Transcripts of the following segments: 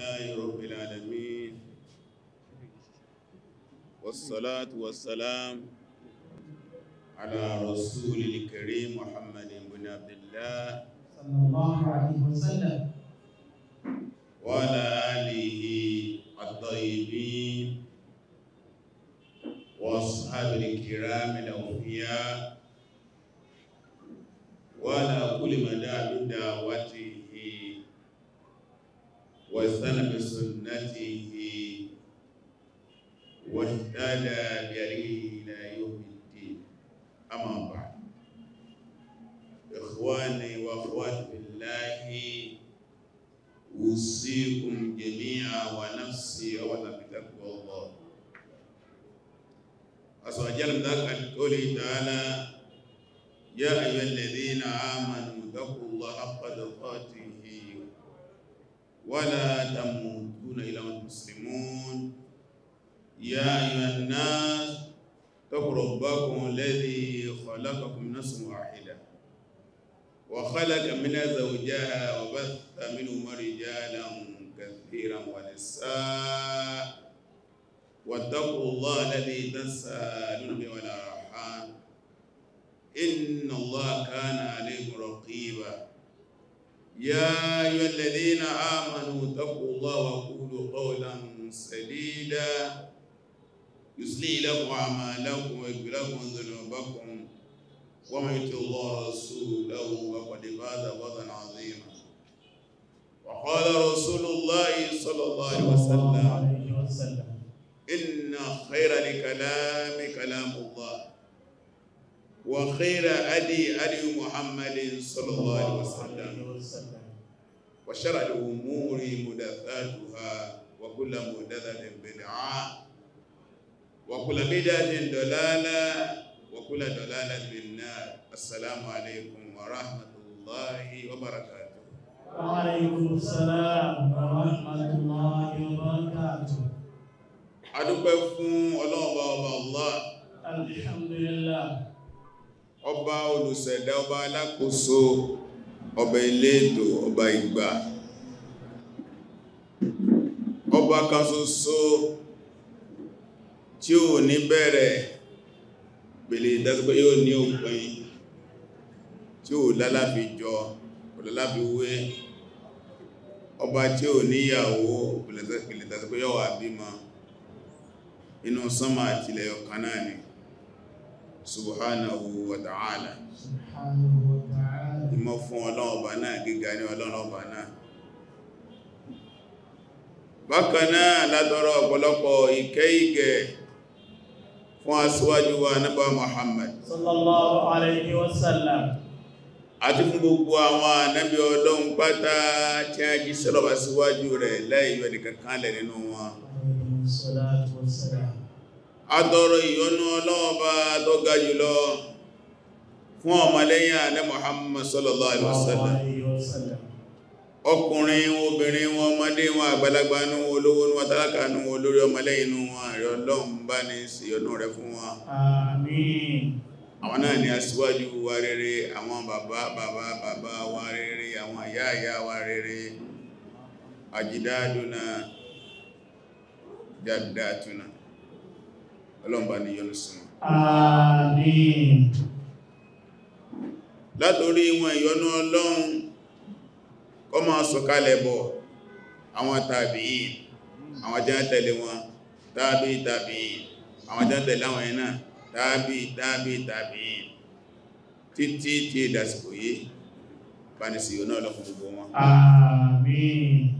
لله رب العالمين والصلاة والسلام على رسول الكريم محمد بن عبد الله صلى الله عليه وسلم وعلى آله الطيبين وأصحاب الكرام الأوفياء وعلى كل من دعا من دعوته وسن بسنته واهتدى بهديه إلى يوم الدين أما بعد إخواني وأخواتي في الله أوصيكم جميعا ونفسي أولا بتقوى الله عز وجل ذاك قوله تعالى يا أيها الذين آمنوا اتقوا الله حق تقاته ولا تموتون إلا وأنتم مسلمون يا أيها الناس اتقوا ربكم الذي خلقكم من نفس واحدة وخلق منها زوجها وبث منهما رجالا كثيرا ونساء واتقوا الله الذي تسألون به والأرحام إن الله كان عليكم رقيبا يا أيها الذين آمنوا اتقوا الله وقولوا قولا سديدا يصلي لكم أعمالكم ويغفر لكم ذنوبكم ومن يطع الله ورسوله فقد فاز فوزا عظيما وقال رسول الله صلى الله عليه وسلم إن خير الكلام كلام الله وخير أدي أدي محمد صلى الله عليه وسلم وسلم وشر الأمور محدثاتها وكل محدثة بدعة وكل بدعة ضلالة وكل ضلالة في النار السلام عليكم ورحمة الله وبركاته وعليكم السلام ورحمة الله وبركاته adúpẹ́ fún ọlọ́ọ̀bá ọba Allah alhamdulillah ọba olùṣẹ̀dá ọba alákòóso ọba eléètò ọba ìgbà ọba kan ṣoṣo tí ó ní bẹ̀rẹ̀ pèlè ìdásípẹ́ yóò ní òpin tí ó lálàfi jọ ọ̀lálàfi wé ọba tí ó níyàwó pèlè ìdásípẹ́ yóò wà bímọ inú sánmà àtìlẹ̀ ọ̀kan ni subhanahu wa ta'ala subhanahu wa ta'ala mímọ́ fún ọlọ́run ọba náà gíga ní ọlọ́run ọba náà bákan náà látọrọ ọ̀pọ̀lọpọ̀ ìkẹ́ ìgẹ̀ fún aṣíwájú wa nábà Muhammad sallallahu alayhi wa sallam àti fún gbogbo àwọn ànábì ọlọ́run pátá tí a jí sọ́lọ́bà síwájú rẹ̀ láìyọ nìkankan lẹ̀ nínú wọn salatu wa salam àtọrọ ìyọ́nú ọlọ́run bá tó ga jùlọ fún ọmọlẹ́yìn alẹ́ Muhammad sallallahu alaihi wasallam ọkùnrin obìnrin wọn ọmọdé wọn àgbàlagbà ní wọn olówó ní wọn tálákà a olórí ọmọlẹ́yìn wọn àrẹ Ọlọ́run bá àwọn náà ni aṣíwájú wa rere àwọn bàbá bàbá bàbá wa rere àwọn àyá àyá wa rere àjídádùnà jàdàtùnà Ọlọ́run bá ní látorí wọn ìyọnú ọlọ́run kó máa sọ̀kalẹ̀ bọ̀ àwọn tàbí àwọn jẹ́ tẹ̀lé wọn tàbí tàbí àwọn jẹ́ tẹ̀lé àwọn ẹ̀nà tàbí tàbí tàbí títí tí ìdásìkò yìí bá ní sí ìyọnú ọlọ́run gbogbo wọn àmín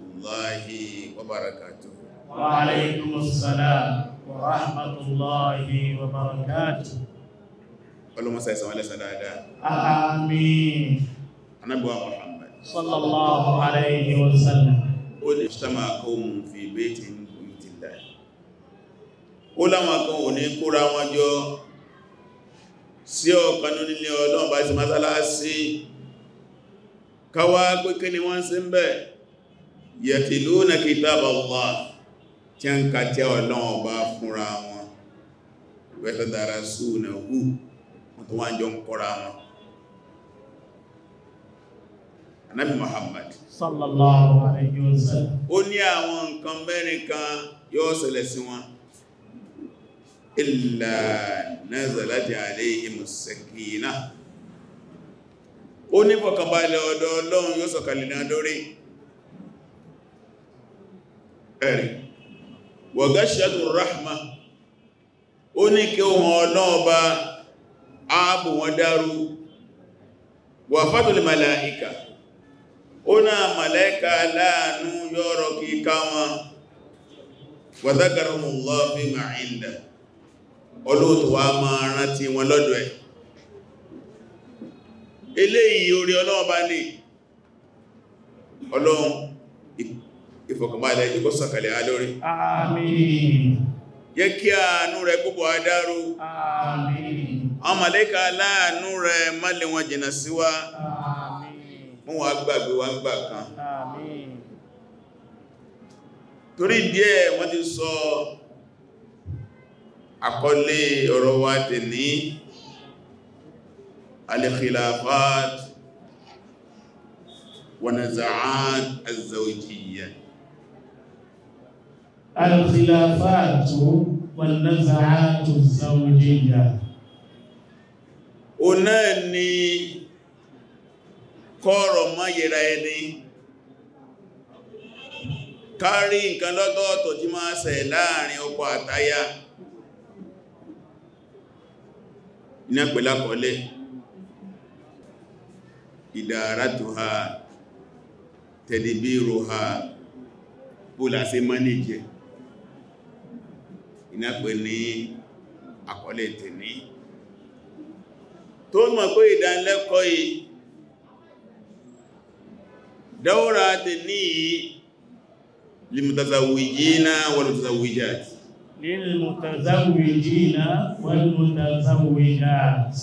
rahmatullahi wa barakatuh. Wa alaikumus salam wa rahmatullahi wa barakatuh. Olúmọ́sá ìsànwà lẹ́sà dáadáa. Àmín. Anábíwa Muhammad. Sallallahu alaihi wa sallam. Ó ní ṣtama kóhun fi bẹ́ẹ̀tì ní ìtìlá. Ó láwọn kan ò ní kóra wọn jọ sí ọ̀kan nílé Ọlọ́run bá ti másálásí. Káwàá pé kí ni wọ́n sí ń bẹ̀ẹ́ yatiluna kitab Allah tí a ń ka tí ọlọ́wọ́ bá fúnra wọn wẹ́ta dára súnà hù wọ́n tó wọ́n jọ ń kọ́ra wọn anábi Muhammad sallallahu alayhi wa sallam ó ní àwọn nǹkan mẹ́rin kan yóò ṣẹlẹ̀ sí wọn illa nazalat alayhimus sakinah ó ní fọ̀kànbalẹ̀ ọ̀dọ̀ Ọlọ́run yóò sọ̀kalẹ̀ náà dórí ẹ̀rì wọ̀gáṣẹ́lù rahma ó ní kí wọn ọlọ́ọba ààbò wọn dárú wà fàtòlì màláìkà ó náà màláìkà láàánú yọ́rọ̀ kíká wọn wàzágarùnmùlọ́ bí màílẹ̀ olóòtù máa rántí wọn lọ́dọ̀ ẹ̀ eléyìí orí ọlọ́ọba ní ọlọ́run ìfọ̀kànbalẹ̀ ìjọkọ́ sàkàlẹ̀ alórí àmín jẹ́ kí àánú rẹ̀ púpọ̀ adáró àmín àwọn màlẹ́kà aláàánú rẹ̀ má lè wọn jìnà sí wa àmín mú wa gbàgbé wa gbà kan torí díẹ̀ wọ́n ti sọ àkọlé ọ̀rọ̀ wa tè ní al wa nazaat az alìkìláfààtò wàlẹ́sàáàtò sáwọ́jẹ́yà o náà ni kọ́rọ̀ mọ́ yẹra ẹni kárí nǹkan lọ́tọ̀ọ̀tọ̀ tí máa ṣẹ̀ láàrin ọkọ àtaya iná pẹ̀lákọ̀ọ́lẹ̀ ìdàrátùhà tẹ̀lébíròhà bó lásẹ mọ́nìjẹ́ ìnápẹ́ ní àkọlé tèní tó mọ̀ pé ìdánilẹ́kọ̀ọ́ yìí dáwọ́ra tèní limutazawijina walmutazawijat limutazawijina walmutazawijat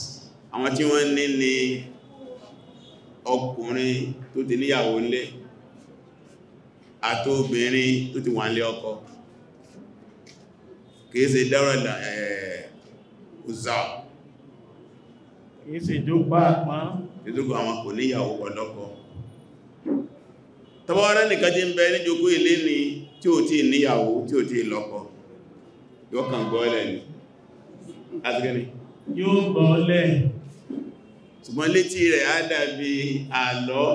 àwọn tí wọ́n ní ni ọkùnrin tó ti níyàwó nílé tó ti wà nílé ọkọ kìí ṣe dáràn ọ̀zá kìí ṣe jógbà pán kìí ṣe àwọn kò níyàwó ọlọ́kọ tọwọ́rẹ́ ni tí ò tí níyàwó tí ò tí lọ́kọ yóò kàn ni asìkẹ́ni yóò gbọ́ọ̀lẹ̀ ṣùgbọ́n létí rẹ̀ á dàbí àlọ́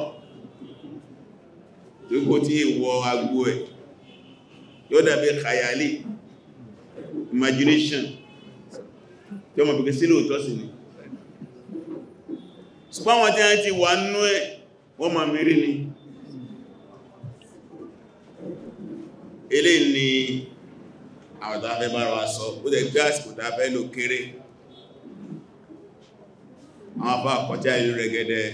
tó kò tí imagination tí ọmọ pẹ̀kẹ́ sí lóòtọ́ sí ni ṣùgbọ́n wọn tí a ti wà nú ẹ̀ wọ́n ma mẹ́rin ni ilé ni àwọn tàbí bára wa sọ ó tẹ̀ gbé àsìkò tàbí ló kéré àwọn bá kọjá ìlú rẹ̀gẹ́dẹ́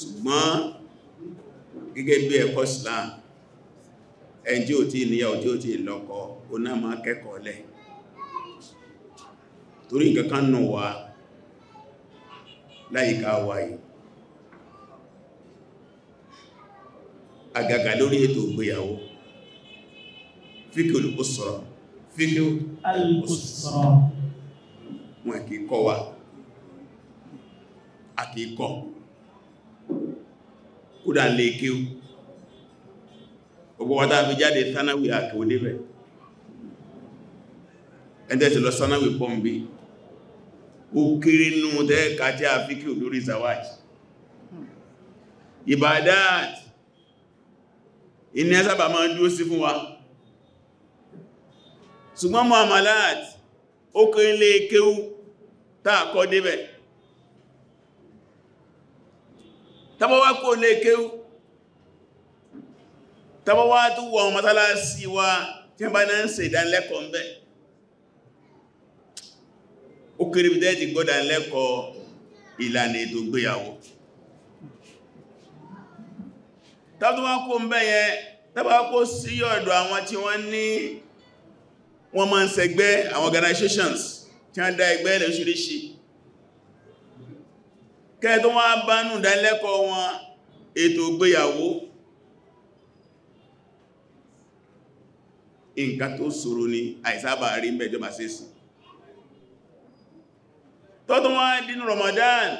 ṣùgbọ́n gẹ́gẹ́ bí ẹ̀kọ́ Islam ẹni tí ó ti níyàwó tí ó ti lọ́kọ ó náà máa kẹ́kọ̀ọ́ lẹ̀ torí nǹkan kan nù wá láyìíká wa yìí lórí ètò ìgbéyàwó fíkí olùkúsọ̀rọ̀ fíkí olùkúsọ̀rọ̀ wọn kì í kọ́ wa a kì í lè kí gbogbo wata fi jáde sanawi àkíwò débẹ̀ ẹ̀ntẹ́ sí lọ sanawi pọ̀m̀bí ó kéré nú tẹ́ẹ̀ká tí a fi kí ò lórí zawaj ibadat iní ẹsábà máa dúró sí fún wa ṣùgbọ́n muamalat ó kéré lé kéwú tààkọ́ débẹ̀ tàbọ́wá kó lé kéwú tàbá wá tó wọ ọmọ mọ́sálásí wa tí wọ́n bá náà ń ṣe ìdánilẹ́kọ̀ọ́ mẹ́ ó kéré bìdẹ́ ti gbọ́dà lẹ́kọ̀ọ́ ìlànà ètò gbéyàwó tàbí wọ́n kó mẹ́ yẹ tàbá kó sí ọ̀dọ̀ àwọn tí wọ́n ní wọ́n máa ń ṣẹgbẹ́ àwọn organizations tí wọ́n dá ẹgbẹ́ ilẹ̀ oṣìṣì kẹ́ tó wọ́n bá nù dánilẹ́kọ̀ọ́ wọn ètò gbéyàwó nǹkan tó ṣòro ni àìsábà rí mẹ́jọba sẹ́sì tọ́tún wá dínú Ramadan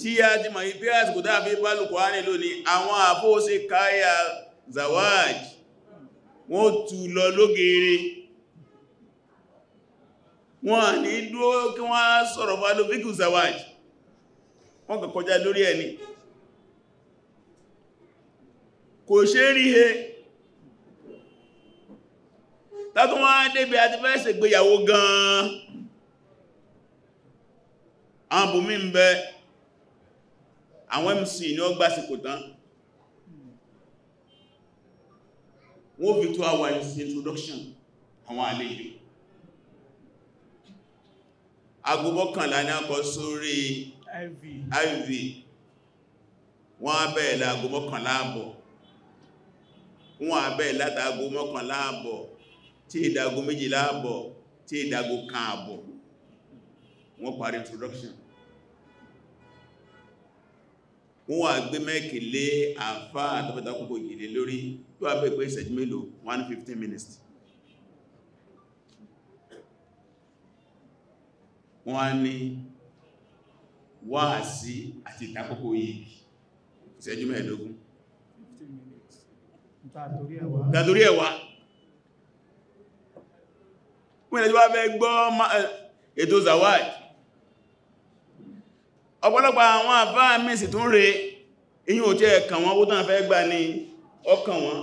tí a ti mọ̀ ipé àsìkò dáàbí bálùkù á nílò ní àwọn àbó sí káyà zawaj wọ́n tù lọ lógere wọ́n ní dúó kí wọ́n sọ̀rọ̀ fàlófíkù zawaj wọ́n kàn kọjá lórí ẹni kò ṣe rí he tàbí wọ́n á débi àti fẹ́ ṣègbéyàwó gan-an àwọn bùnmí ń bẹ àwọn mc ní ó gbásìkò tán wọ́n fi tó àwà introduction àwọn àlejò agbóbọ́kànlá ní akọ sórí iv wọ́n á bẹ̀rẹ̀ lágbóbọ́kànlá àbọ̀ wọ́n á bẹ̀rẹ̀ látàgbóbọ́kànlá àbọ̀ tí ìdàgò méjìlá àbọ̀ tí ìdàgò kan àbọ̀ wọ́n parí introduction wọ́n wà gbé mẹ́kì lé àfá àtọ́bẹ̀ta kòkò ìlè lórí tó wà bẹ́ pé ìṣẹ́jú mélòó 115 minutes wọ́n á ní wáàsí àti ìtàkókò yìí ìṣẹ́jú mẹ́ẹ̀dógún tàtorí ẹ̀wà pínlẹ̀ tí wá fẹ́ gbọ́ ètò zawaj ọ̀pọ̀lọpọ̀ àwọn àbá mẹ́sì tún rẹ̀ ìyún òtí ẹ̀kàn wọn ó tán fẹ́ gbà ní ọkàn wọn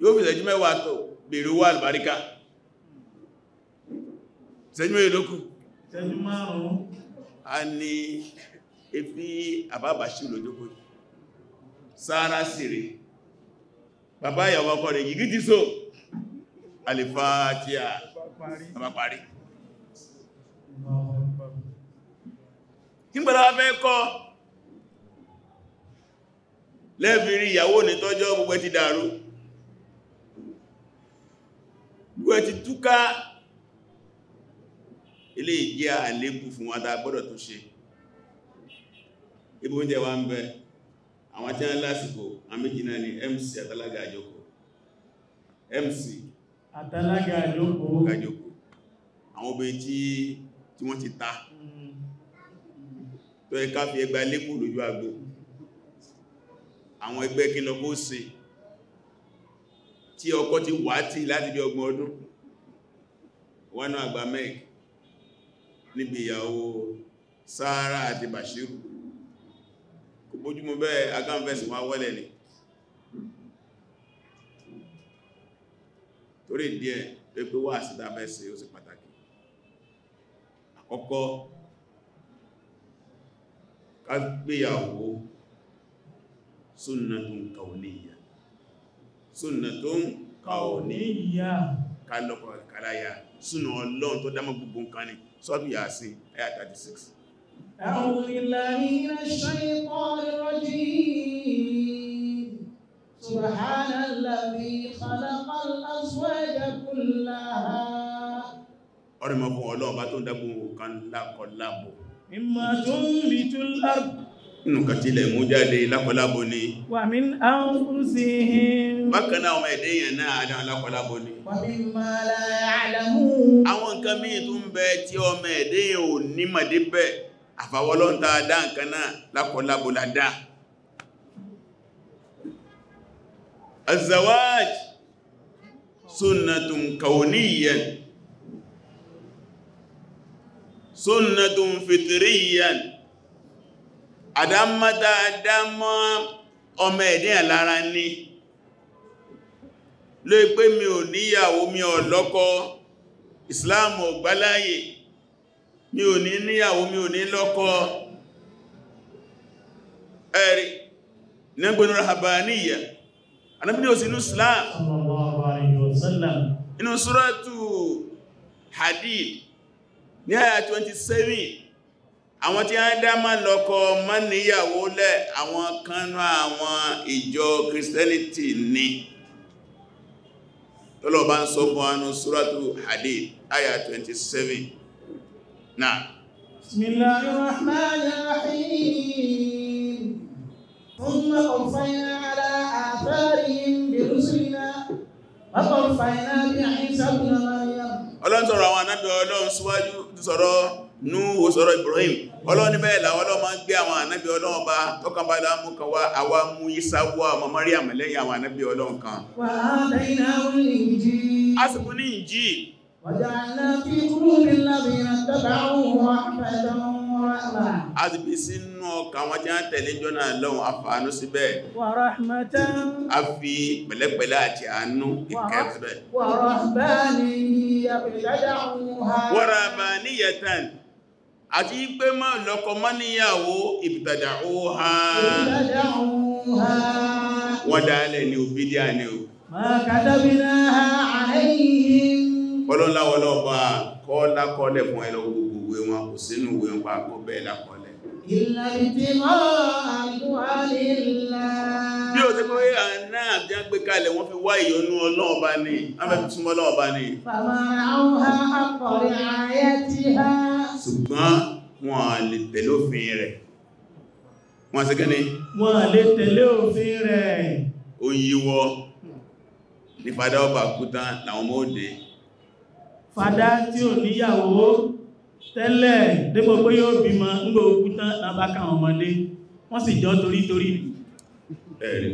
yóò fi ìṣẹ́jú mẹ́wàá tó bèèrè owó àlùbáríkà ìṣẹ́jú mẹ́rin lókù ìṣẹ́jú márùn-ún a ní efi àbábàṣí lójókò sára bàbá ìyàwó ọkọ rẹ̀ yìí gidi so alifatiya bá parí nígbàtà wá fẹ́ kọ́ lẹ́bìnrin ìyàwó ní tọ́jọ́ gbogbo ti dàrú gbogbo ti túká ilé ìjẹ́ àlébù fún wa tá tó ṣe ibo oúnjẹ wa ń bẹ àwọn tí wọ́n lásìkò àmì jìnnà ní MC àtàlágà àjọkọ̀ MC àtàlágà ìjókòó àwọn obìnrin tí tí wọ́n ti ta tó ẹ̀ká fi ẹgbà lékò lójú àgbò àwọn ẹgbẹ́ kí lọ kó ṣe tí ọkọ ti wà tí láti bí ọgbọ̀n ọdún wọ́n àgbà mẹ́k níbi ìyàwó Sárà àti Bàṣírù kò bójúmọ́ bẹ́ẹ̀ agáǹfẹ́sì wá wọ́lẹ̀ ni torí díẹ̀ tó pé wà sídá mẹ́sí ó sì pàtàkì àkọ́kọ́ ká gbéyàwó sunnatun kauniyya sunnatun kauniyya kálọ́kọ̀ kàláyà súnà ọlọ́run tó dámọ́ gbogbo nǹkan ni sọ́bí yà sí ayà 36 أعوذ بالله من الشيطان الرجيم سبحان الذي خلق الأزواج كلها ọ̀rẹ́ mọ́ fún ọlọ́ọ̀bá tó dágbò kan lákọlábò mímọ̀ tó ń bí tó lábò nùkan tí ilẹ̀ mú jáde lákọlábò ní wà mí áwùrú sí ihìn bákaná ọmọ ẹ̀dẹ́ èèyàn náà adán lákọlábò ní wà mí máa láyé àdàmú àwọn nǹkan الزواج سنة كونية سنة فطرية àdámọ́ta àdámọ́ ọmọ ẹ̀dẹ́ àlára ní ló pé mi ò níyàwó mi ò lọ́kọ ìsìláàmù ò gbà láàyè mi ò ní níyàwó mi ò ní lọ́kọ ẹ̀rí nígbónú rahabaniyya anábìnrin òsì inú islam inú suratu hadid ní àyà 27 àwọn tí a ń dá máa lọ́kọ máa níyàwó lẹ̀ àwọn kanú àwọn ìjọ christianity ni tọ́lọ̀bá ń sọ fún anú suratu hadid àyà 27 náà bismillahirrahmanirrahim ثم قفينا على آثارهم برسلنا وقفينا بعيسى بن مريم ọlọ́run sọ̀rọ̀ àwọn ànábì ọlọ́run síwájú sọ̀rọ̀ núhù sọ̀rọ̀ ibrahim ọlọ́run ní bẹ́ẹ̀ làwọn ọlọ́run máa ń gbé àwọn ànábì ọlọ́run bá tọ́kàn bá láàmú kan wá àwa mú isa wá ọmọ maryam lẹ́yìn àwọn ànábì ọlọ́run kan a sì fún àti bí sínú ọkà wọn tí a ń tẹ̀lé jọna lọ́wọ́ afánú síbẹ̀ a fi pẹ̀lẹ́pẹ̀lẹ́ àti àánú ìkẹ́fẹ́ warabaniyatan àti pé má lọ́kọ má níyàwó ibtada'uha wọ́n dálẹ̀ ni òbí ìwé wọn kò sínú ìwé wọn pàápọ̀ bẹ́ẹ̀ lápọ̀lẹ̀ bí o ti kọ́ yí àná àti kalẹ̀ wọ́n fi wá ìyọnú ọlọ́ọ̀bá ni afẹ́ fi ọlọ́ọ̀bá ni ṣùgbọ́n wọn lè tẹ̀lé òfin rẹ̀ wọ́n sí kẹ́ni wọ́n lè tẹ̀lé òfin rẹ̀ o yíwọ ní fàdá ọba kúta làwọn mọ́ òde fàdá tí ò níyàwó tẹ́lẹ̀ dépò pé yóò bímọ ńgbò òkúta ọmọdé wọ́n sì jọ torí torí nì ẹ̀rẹ̀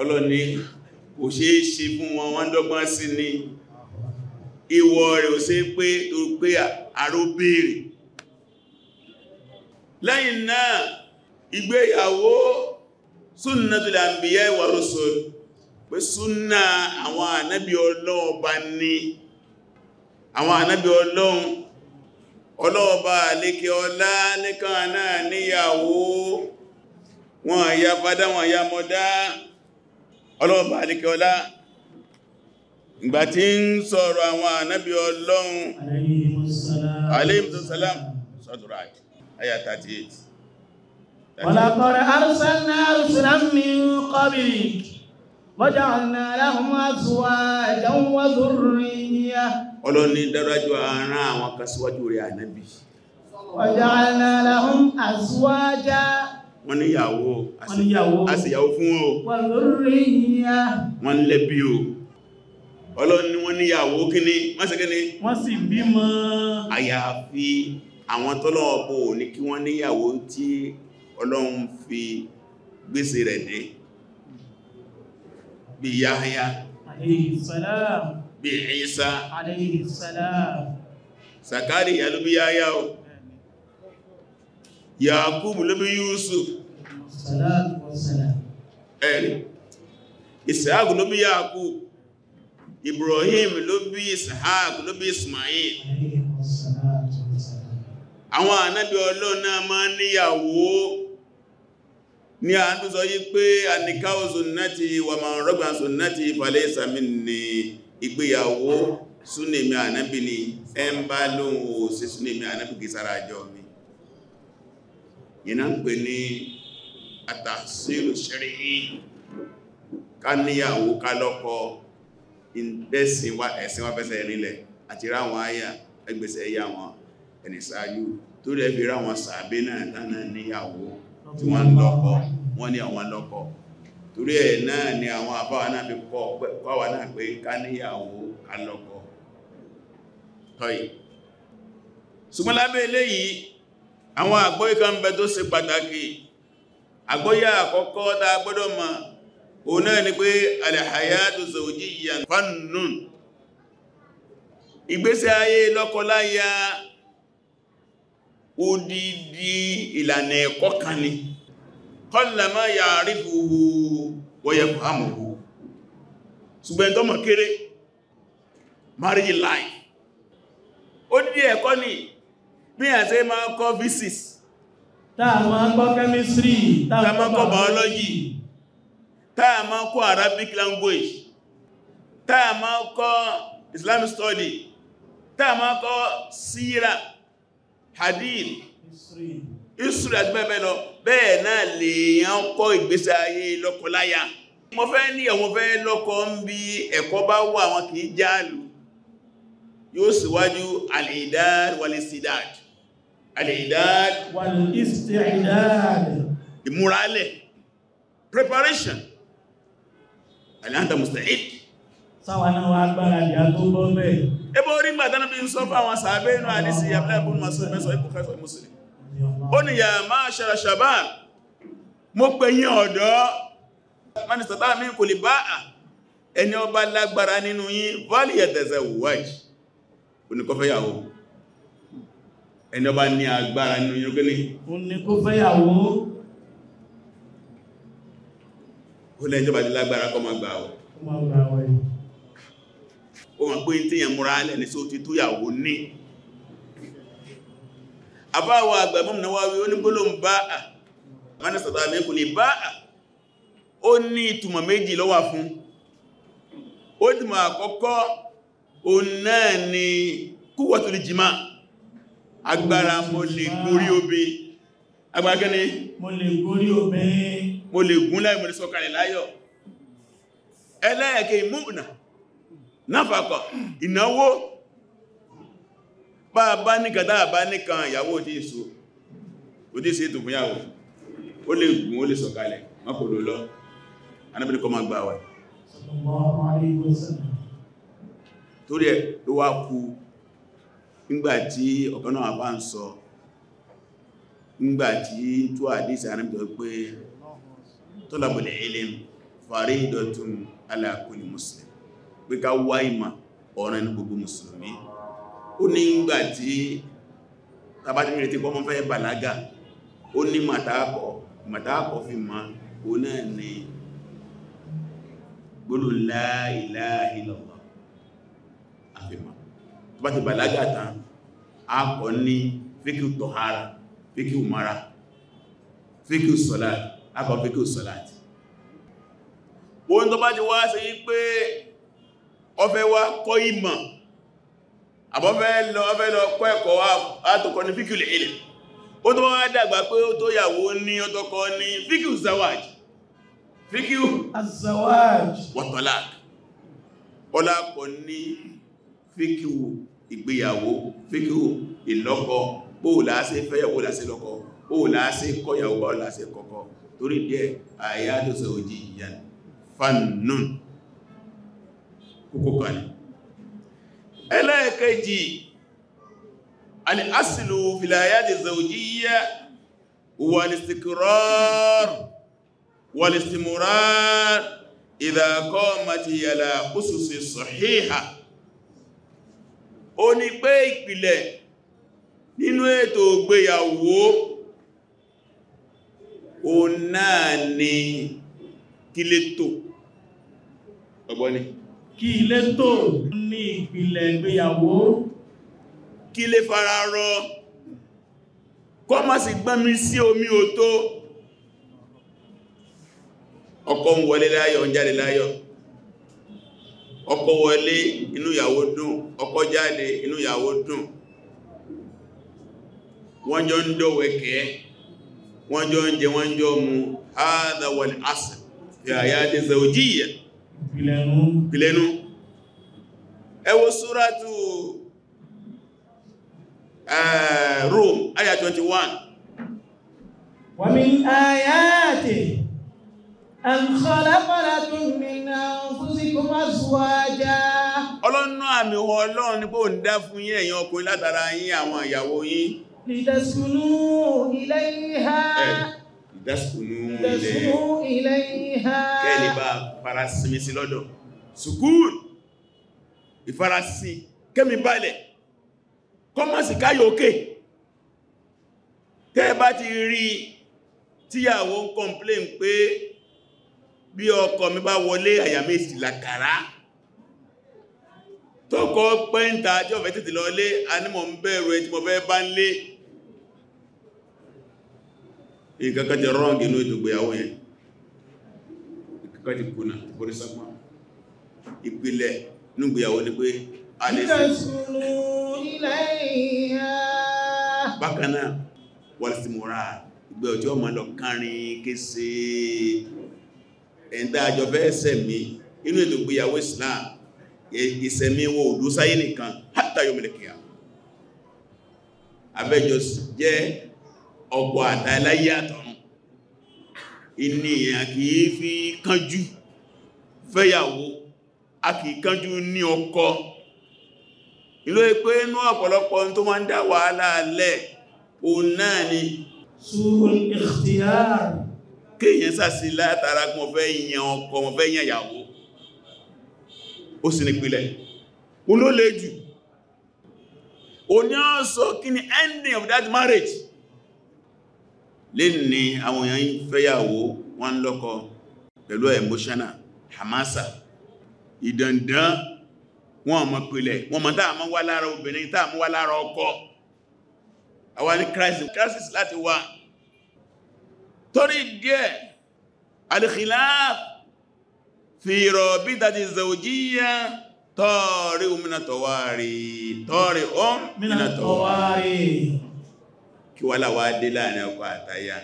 ọlọ́ni kò ṣeé ṣe fún wọn wọ́n dọ́gbọ́n sí ni ìwọ̀ rẹ̀ ò ṣe pé tó pé àró lẹ́yìn náà ìgbéyàwó súnnà àwọn àwọn ànábì ọlọ́run ọlọ́ọ̀bá àlékè ọlá nìkan náà níyàwó wọn ya fadá wọn ya mọ́dá ọlọ́ọ̀bá àlékè ọlá ìgbà tí ń sọ̀rọ̀ àwọn ànábì ọlọ́run aléìmùsọ́sálàm sọ́tùrà àyà 38 wọ́n lákọ̀ọ́rẹ̀ arúsánà arúsánà min qablik wọ́jàna láhùn àṣùwà ẹ̀jẹun wọ́n tó rìnyà ọlọ́ni dárájú ara àwọn kan síwájú rẹ̀ ànábì wọ́jàna láhùn àṣùwà já wọ́n níyàwó àṣìyàwó fún o wọ́n lẹ́bí o ọlọ́ni wọ́n níyàwó kíní mọ́sẹ̀kíní wọ́n sì bímọ àyàfi àwọn tọ́lọ́ọ̀bọ̀ ní kí wọ́n níyàwó tí ọlọ́run fi gbèsè rẹ̀ dé bí Yahya alayhi salam bí Isa alayhi salam Sakariya ló bí Yahya o Yakubu ló bí Yusuf ẹ̀rì Isaku ló bí Yakubu Ibrahim ló bí Ishaq ló bí Ismail àwọn ànábì Ọlọ́run náà máa níyàwó ní a tó sọ yí pé àníkáwò sunnati wà máa rọ́gbà sunnati ìfàlẹ̀ ìsàmì ní ìgbéyàwó súnèmí ànábì ni ẹ ń bá lóhun ò sí súnèmí ànábì kì sára àjọ mi yìí pè ní àtàsílù ṣẹ́rí ká níyàwó ká lọ́kọ ìdẹ́sìn wa ẹ̀sìn wa fẹ́sẹ̀ rílẹ̀ àti ráwọn àyà ẹgbẹ̀sẹ̀ ẹ̀yà wọn ẹni ṣáájú tó rẹ̀ níyàwó tí wọ́n lọ́kọ wọ́n ní àwọn lọ́kọ torí ẹ̀ náà ni àwọn àbáwà náà fi kọ́ kọ́wà náà pé ká níyàwó tọ́yì ṣùgbọ́n lábẹ́ eléyìí àwọn àgbọ́yé kan bẹ tó ṣe pàtàkì àgbọ́yé àkọ́kọ́ tá a gbọ́dọ̀ mọ̀ òun náà ni pé ìgbésẹ̀ odidi ìlànà ẹ̀kọ́ kan ni kọ́lẹ̀má yà rí gbogbo wọ́yẹ̀ pàmòhò ṣùgbọ́n tó mọ̀ kéré marriage life odidi ẹ̀kọ́ ni bí a ṣe máa kọ́ physics táà máa kọ́ chemistry táà máa biology táà máa kọ́ Arabic language táà máa kọ́ Islamic study táà máa kọ́ síra Hadil. isri àti bẹ́ẹ̀ bẹ́ẹ̀ lọ bẹ́ẹ̀ náà lè yàn kọ́ ìgbésẹ̀ ayé lọ́kọláya mo fẹ́ ní ọmọ fẹ́ lọ́kọ ń bí ẹ̀kọ́ bá wà wọn kìí jáàlù yóò síwájú al-idad wal-istidad al preparation alanda musta'id sáwà náà wá agbára ìyá tó bọ́ bẹ́ẹ̀. ebo orí gbàdánà bí n sọ fún àwọn sàábẹ́ inú àdísì yàbílẹ̀ ibn Mas'ud mẹ́sọ̀ ikú fẹ́sọ̀ mùsùlùmí ó ní yà máa ṣẹ̀rẹ̀ ṣàbán mo pè yín ọ̀dọ́ mínísítà tá mi kò lè bá à ẹni ọba lágbára nínú yín bọ́ọ̀lì ẹ̀dẹ̀sẹ̀ wájì oníkọ́fẹ́yàwó ẹni ọba ní agbára nínú yín gẹ́ni oníkọ́fẹ́yàwó ó lẹ́jọba lágbára kọ́ máa gbà ọ̀ ó mọ̀ pé tí yẹn múra lẹ́ni sí ó ti túyàwó ní àbáwọ̀ àgbàmọ́ Nawawi ó ní gbólóhùn báà mọ́nà sọ̀tà mẹ́kù ní báà ó ní ìtumọ̀ méjì ló wà fún ó dìmọ̀ àkọ́kọ́ ó náà ni kúwọ̀tún jìmá agbára mo lè gúnrí obi agbára kẹ́ni mo lè gúnrí obi mo lè gún láì mo náfàkọ̀ ìnáwó bá bá níkan dáa bá níkan ìyàwó òdí ìṣò òdí ìṣò ètò fún yàwó ó lè gùn ó lè sọ̀kalẹ̀ mọ́kòlò lọ anábìnrin kọ́ máa gbà wà torí ẹ̀ ló wá kú nígbàtí ọ̀kan náà bá ń sọ nígbàtí tó àdísì anábìnrin pé tọ́lábọ̀lẹ̀ pé ká wá ìmọ̀ ọ̀rọ̀ ẹnu gbogbo mùsùlùmí ó ní ìgbà tí tàbátí mìíràn tí pọ́mọ fẹ́ bàlágà ó ní màtàkọ̀ màtàkọ̀ fi mọ́ ó náà ní gbólù la ilaha illallah àfihàn tó bá ti bàlágà tán a kọ́ ní fíkí tọ̀hárà fíkí umara fíkí sọ́láàtì a kọ́ fíkí sọ́láàtì wọ́n tó ọfẹ́ wá kọ́ ìmọ̀ àbọ́fẹ́ lọ ọfẹ́ lọ kọ́ ẹ̀kọ́ wá àtọkọ́ ní fíkìlì ilẹ̀ ó tó wá dàgbà pé ó tó yàwó ní ọtọkọ ní fíkìlì zawaj fíkìlì azawaj wọ́tọ́lák ọlápọ̀ ní fíkìlì ìgbéyàwó fíkìlì ìlọ́kọ bóòlá sí fẹ́yàwó lásí lọ́kọ bóòlá sí kọ́yàwó lásí kọ́kọ́ torí díẹ̀ àyájọ́sẹ̀ òjì ìyàn fannun kókó kan ní ẹlẹ́ẹ̀kejì al'asìlú filayati zaujiyya walistikrar walistimurar idha qamati ala ususi sahiha ó ní pé ìpìlẹ̀ nínú ètò ìgbéyàwó o náà ni kílétò ọgbọ́ni kí ilé tó ní ìpìlẹ̀ ìgbéyàwó kí ilé fara rọ kọ́ má sì gbámi sí omi òtó ọkọ ń wọlé láyọ̀ ń jáde láyọ̀ ọkọ wọlé inú ìyàwó dùn ọkọ jáde inú ìyàwó dùn wọ́n jọ ń dọ̀wẹ̀kẹ́ wọ́n jọ ń jẹ wọ́n jọ mu hādhā wal 'asr fī ḥayāti zawjiyyah pìlẹ̀nú ẹ wo súrátù Rome ayà 21 wa min ayatihi an khalaqa lakum min anfusikum azwaja ọlọ́nà àmì wọn ọlọ́run ní pé ò ń dá fún yín ẹ̀yin ọkùnrin látara yín àwọn ìyàwó yín litaskunu ilayha litaskunu ilayha bá farasinmi sí lọ́dọ̀ sùkúùn ìfarasin kẹ́mi balẹ̀ kọmọ̀sí káyọ̀ òkè tẹ́ bá ti rí tíyàwó ń kọmplain pé bí ọkọ mi bá wọlé àyà méjì làkàrá tó kọ́ pẹ́ntà tí ọ̀fẹ́ tètè lọlé anímọ̀ ń bẹ̀rù ẹ tí mo fẹ́ bá ń lé ìkankan jẹ́ rọ́ǹgì inú ètò ìgbéyàwó yẹn ẹ̀kọ́ ti kùnà borí sọ́gbọ́n ìpìlẹ̀ nígbìyàwó ni pé a lè bákanáà wọ́n ti múra ìgbẹ́ ọjọ́ ma lọ kárin kése ẹ̀ndá àjọ fẹ́ ẹsẹ̀mí inú ètò ìgbéyàwó Islam ìsẹ̀mí wo òdó sáyé nìkan hátà yóò mẹ́lẹ̀kìyà abẹ́jọ jẹ́ ọgbọ̀ àtàláyàtọ̀ ènìyàn kì í fi kánjú fẹ́yàwó a kì í kánjú ní ọkọ ìlú pé inú ọ̀pọ̀lọpọ̀ tó máa ń dá wàhálà alẹ́ òun náà ni su'ul ikhtiyar kéèyàn sásí látara kí wọ́n fẹ́ yan ọkọ wọ́n fẹ́ yan ìyàwó ó sì ní pìlẹ̀ olólejù o ní ọ́ sọ kí ni ending of that marriage lè ní àwọn èèyàn fẹ́yàwó wọ́n lọ́kọ pẹ̀lú emotional hamasa ìdàndán wọ́n mọ̀ pìlẹ̀ wọ́n mọ̀ táà mọ́ wá lára obìnrin táà mọ́ wá lára ọkọ àwa ní crisis láti wá torí díẹ̀ al-khilaf fi rabitati zawjiyya tọ́ọ̀rí ominatọ̀wárí tọ́ọ̀rí ominatọ̀wárí kí wà láwá dé láàrin ọkọ àtàyà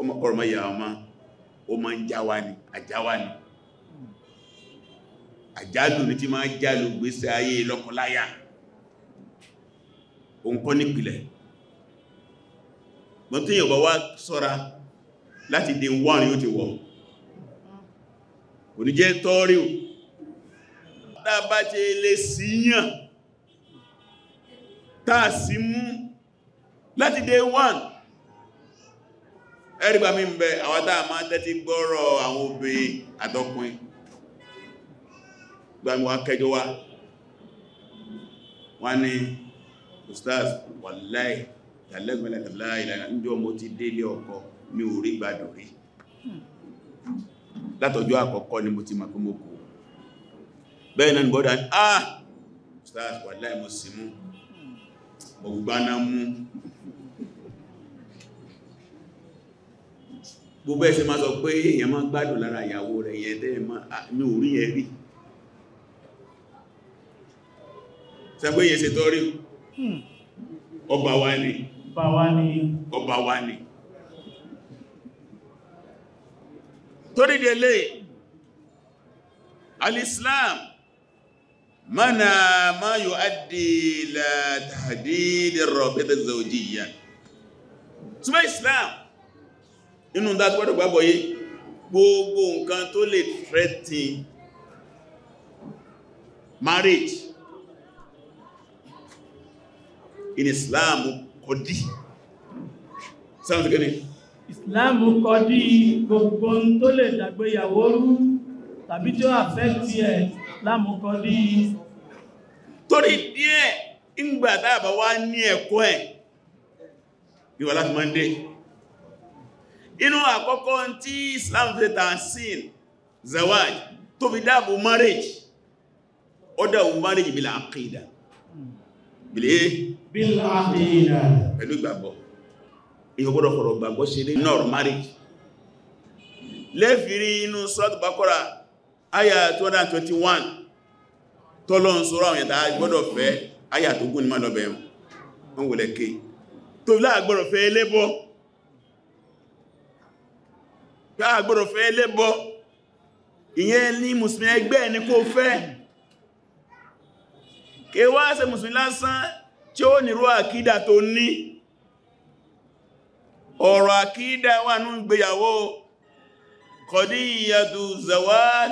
ọmọkọrọmọyà ọmọ o ma ń jáwá ni àjáwá ni àjálù ní tí ma ń jálù gbésẹ̀ ayé lọ́kọláyà òun kọ́ nípìlẹ̀ mọ́ tí yọ̀bọ̀ wá sọ́ra láti dé wọ́n ni ti wọ̀ kò ní jẹ́ tọ́rí o dábá ti lè síyàn táà sí mú láti day one ẹ̀rìgbà mi ń bẹ àwọn táà máa tẹ́tí gbọ́rọ̀ àwọn obìnrin àtọkùnrin gbàmíwá kẹjọ wá wọ́n ní ustaz wàláì tàlẹ́gbẹ̀lẹ̀ tàlẹ́ ìlànà ń jọ mo ti délé ọkọ mi ò rí gbádùn rí látọjọ́ àkọ́kọ́ ni mo ti mọ̀ pé mo kò bẹ́ẹ̀ náà bọ́dá ah ustaz wàláì mo sì mú mo mú gbogbo ẹ̀ ṣe máa sọ pé èèyàn máa gbádùn lára ìyàwó rẹ̀ yẹn tẹ́ mi ò rí yẹn rí sẹ́gbé yẹn ṣe tọ́rí hmm. ọba wa ni ọba wa ni torí délé al-Islam mana ma yu'addi ila tahdid ar-rabita az-zawjiyya túnmọ̀ Islam nínú dágbọ́dọ̀ gbàgbọ́ yé gbogbo nǹkan tó lè threaten marriage in Islam kọdí sáàmù kẹ́ni Islam kọdí gbogbo tó lè dàgbéyàwó rú tàbí tí ó affect ẹ̀ Islam kọdí torí díẹ̀ ìgbàtà àbáwá ní ẹ̀kọ́ ẹ̀ ìwà láti Monday inú àkọ́kọ́ tí Islam fi tàṣín zawaj tó fi dáàbò marriage ó dáàbò marriage bí l'àkídà bí l'àkídà pẹ̀lú ìgbàgbọ́ èyàn gbọ́dọ̀ fọ̀rọ̀ gbàgbọ́ ṣe ní nọ́rọ̀ marriage lẹ́fìrí inú sọ́tù Bakara àyà 221 tọ́lọ́ ń sọ́rọ̀ àwọn ìyàtà gbọ́dọ̀ fẹ́ àyà tó gún ní má lọ́bẹ̀ẹ́ wọn wọlẹ̀ ké tó láàgbọ́dọ̀ fẹ́ lẹ́bọ́ gbọ́dọ̀ fẹ́ lẹ́bọ ìyẹn ní mùsùlùmí ẹgbẹ́ ẹni kó fẹ́ kí wá ṣe mùsùlùmí lásán tí ó nírú àkídà tó ní ọ̀rọ̀ àkídà wà ní ìgbéyàwó kọ̀díyàdù zawad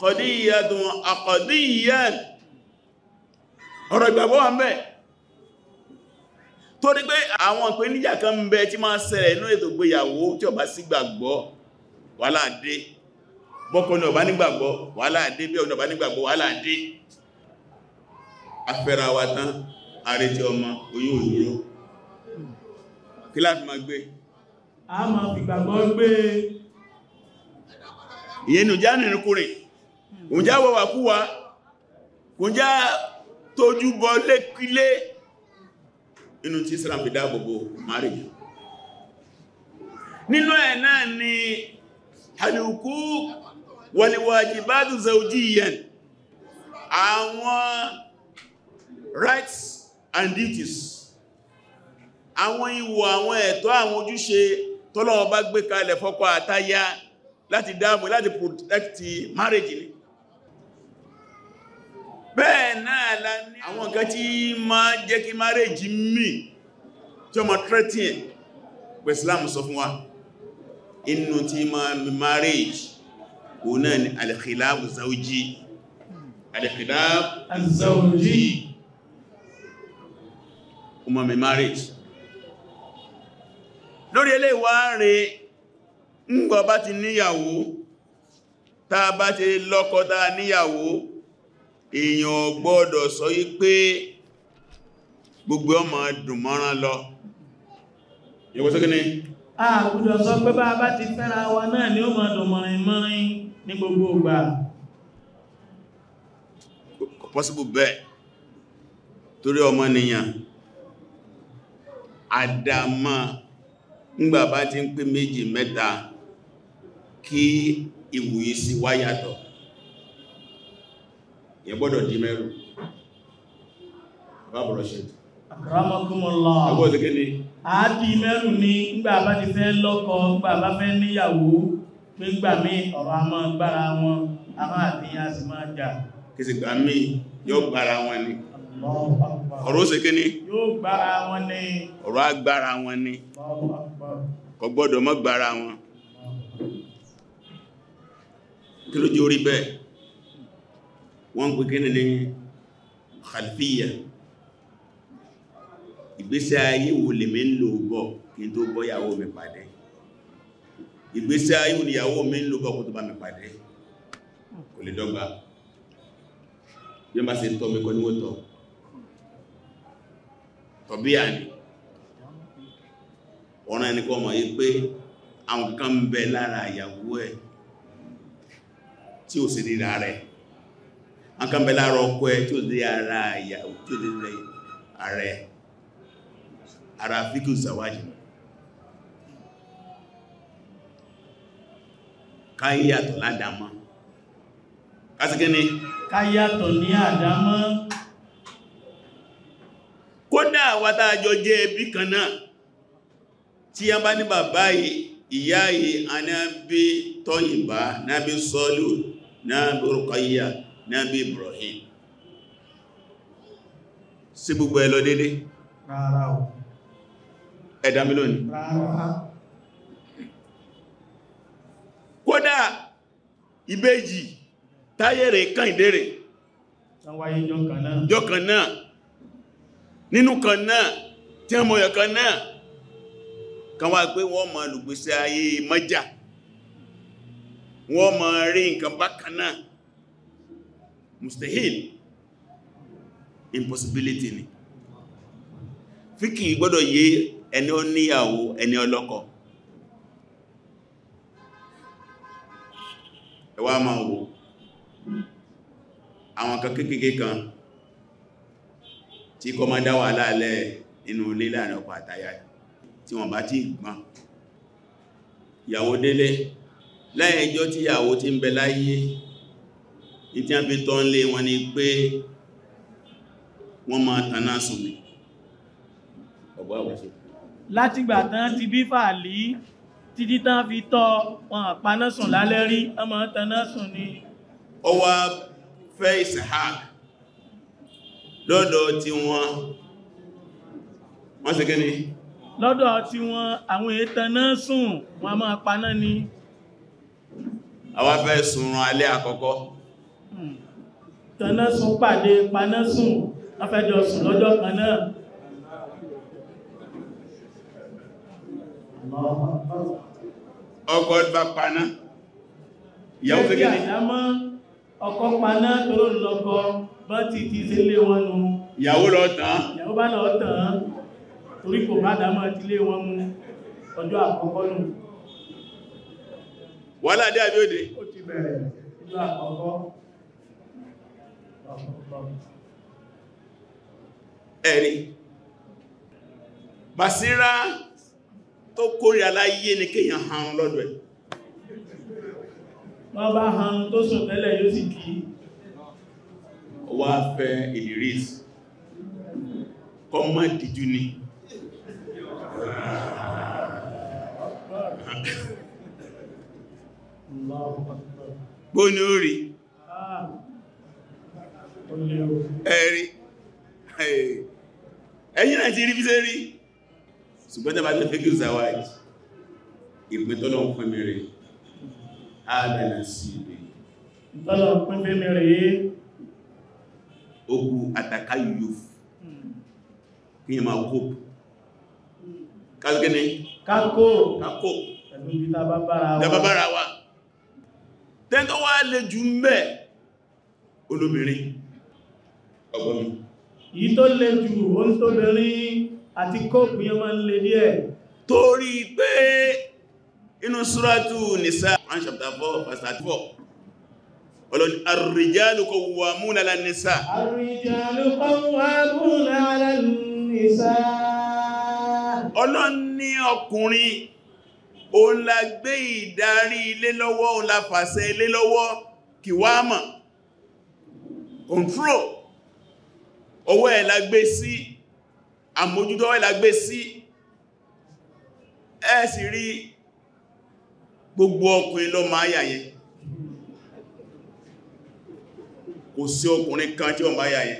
kọ̀díyàdù àkọ̀díyàd ọ̀rọ̀ ìgbàgbọ́ wà mẹ́ torí pé àwọn ìpèníjà kan bẹ tí máa ṣẹlẹ̀ inú ètò ìgbéyàwó tí ó bá sí gbàgbọ́ wàhálà dé bọ́kọ̀ náà bá nígbàgbọ́ wàhálà dé bí ọ̀nà bá nígbàgbọ́ wàhálà dé afẹ́ra wa tán àrètí ọmọ oyún òdúró kí láti máa gbé a máa fi gbàgbọ́ gbé ìyẹnu já nìrìnkúrìn òun já wọ́wàkúwa kò já tójú bọ lékílé inú tí Islam dáàbòbò marriage nínú ẹ̀ náà ni al-huquq wal-wajibat àwọn rights and duties àwọn ìwò àwọn ẹ̀tọ́ àwọn ojúṣe tọ́lọ́wọ́ bá gbé kalẹ̀ fọ́kọ àtaya láti dáàbò láti protect marriage ni bẹ́ẹ̀ náà la ní àwọn nǹkan tí máa jẹ́ kí marriage mì tí ọmọ threatening pẹ̀sìlámù sọ fún wa inú tí ma marriage o náà ni alìkìláàbù zaújí alìkìláàbù zaújí o mi marriage lórí ilé ìwá rẹ̀ ńgbọ́ bá ti níyàwó tá bá ti lọ́kọ tá níyàwó èèyàn gbọ́dọ̀ sọ yí pé gbogbo ọmọ dùn mọ́rán lọ ìwọ̀sọ́kí ni àgbùdọ̀ sọ pé bá bá ti fẹ́ra wa náà ni ó máa dọ̀mọ̀rin mọ́rin ní gbogbo ìgbà pọ́síbù bẹ́ẹ̀ torí ọmọ nìyàn àdàmà ńgbà bá ti ń pé méjì mẹ́ta kí ìwòye sí wá yàtọ̀ yẹ gbọ́dọ̀ di mẹ́rù bá bọ̀rọ̀ ṣe Akramakumullah àádìí mẹ́rù ní gbà bá ti fẹ́ lọ́kọ gbà bá fẹ́ níyàwó pé gbà mí ọ̀rọ̀ a máa gbára wọn a máa tí a sì máa jà kì sí gbà mí yóò gbára wọn ni ọ̀rọ̀ ṣe ni ọ̀rọ̀ agbára wọn ni kò gbọ́dọ̀ mọ́ gbára wọn kí ló jẹ́ bẹ́ẹ̀ wọ́n ń pè kí ni lẹ́yìn khalfiyya ìgbésí ayé wo lèmi ń lò bọ̀ kí n tó bọ́ ìyàwó mi pàdé ìgbésí ayé wo níyàwó mi ń lò bọ̀ kó tó bá mi pàdé kò lè dọ́gba bí wọ́n bá ṣe tọ́ mi kọ́ ní wọ́tọ̀ tọ́bí àní ọ̀ràn ẹni kọ́ mọ̀ yí pé àwọn kan bẹ lára ìyàwó ẹ̀ tí ó sì ríra rẹ̀ àwọn kan bẹ lára ọkọ ẹ̀ tí ó sì ara ìyàwó tí ó sì rí ara arafiku zawaji káyàtọ̀ ládámọ́ kásìkẹ́ ni káyàtọ̀ ní àdámọ́ kódà wata àjọ jẹ́ ẹbí kan náà tí a bá ní bàbá ìyá yìí anábí tọ́yìnbá náàbí sọ́lù náàbí Ruqayya náàbí Ibrahim sí gbogbo ẹlọ dédé rárá o ẹ̀dá mi lónìí kódà ìbejì táyẹ̀rẹ̀ kan ìdẹ́rẹ̀ jọ kan náà nínú kan náà tí a mọ̀yọ̀ kan náà kan wá pé wọ́n máa lùgbèsè ayé mọ́jà wọ́n máa rí nǹkan bákan náà mustahil impossibility ni fíkì gbọ́dọ̀ yé ẹni ó níyàwó ẹni ọlọ́kọ ẹ wá máa wò àwọn kan kékèké kan tí kọ máa dá wà láàlẹ́ inú ilé láàrin ọkọ àtayà tí wọ́n bá tí gbọ́n ìyàwó délé láẹjọ́ tí ìyàwó ti ń bẹ láyé ní a fi tọ́ ń lé wọn ni pé wọ́n máa tanná sùn ní ọgbọ́ àwọ̀ṣe látìgbà tán ti bí fàálì títí tán fi tọ́ wọn àpaná sùn lálẹ́ rí ọmọ taná sùn ni ó wá fẹ́ Ishaq lọ́dọ̀ tí wọ́n wọ́n sì kẹ́ni lọ́dọ̀ tí wọ́n àwọn ètàná sùn wọ́n máa paná ni àwa fẹ́ sùnrùn alẹ́ àkọ́kọ́ hmm. tàná sùn pàdé paná sùn afẹ́jọ sùn lọ́jọ́ kan náà ọkọ bá ìyàwó fẹ́ gẹ́ni ọkọ paná tó lọ́kọ bá ti ti sí lé wọn nù ìyàwó lọ ìyàwó bá lọ tán torí kò ti lé wọn mú nù wà ládé tó kórè aláyé ní kéèyàn hàn lọ́dọ̀ ẹ̀ wọ́n bá hàn tó sùn tẹ́lẹ̀ yóò sì kí wá fẹ́ Idris kọmọ dìjú ni gbóní orí ah, ẹ̀rí ẹ̀yìn náà ti rí rí ṣùgbọ́n tẹ́bà ní fíkì zawaj ìpín tọ́lọ̀ ń pín mẹ́rẹ̀ ààbẹ̀nà sí ibẹ̀ tọ́lọ̀ ń pín ogun àtàkà yúf kí ni máa kóp kálùkẹ́ni kákó kákó tàbábára wa tẹ́ntọ́ wá lè jù mẹ́ olóbìnrin ọgbọ́n mi yìí tó lè jù ó ń tóbìnrin àti kọ́pù yẹn máa ń lè díẹ̀ torí pé inú súrátù nìsá Quran chapter 4 verse 34 ọlọ́ni ar-rijalu qawwamuna 'ala an-nisa ar-rijalu qawwamuna 'ala an-nisa ọlọ́ni ọkùnrin òun la gbé ìdarí ilé lọ́wọ́ òun la fàṣẹ ilé lọ́wọ́ kìwámọ̀ control ọwọ́ ẹ̀ la gbé sí si àmójútó ìlà gbé sí ẹ sì rí gbogbo ọkùnrin lọ máa yàyẹ kò sí ọkùnrin kan tí ó máa yàyẹ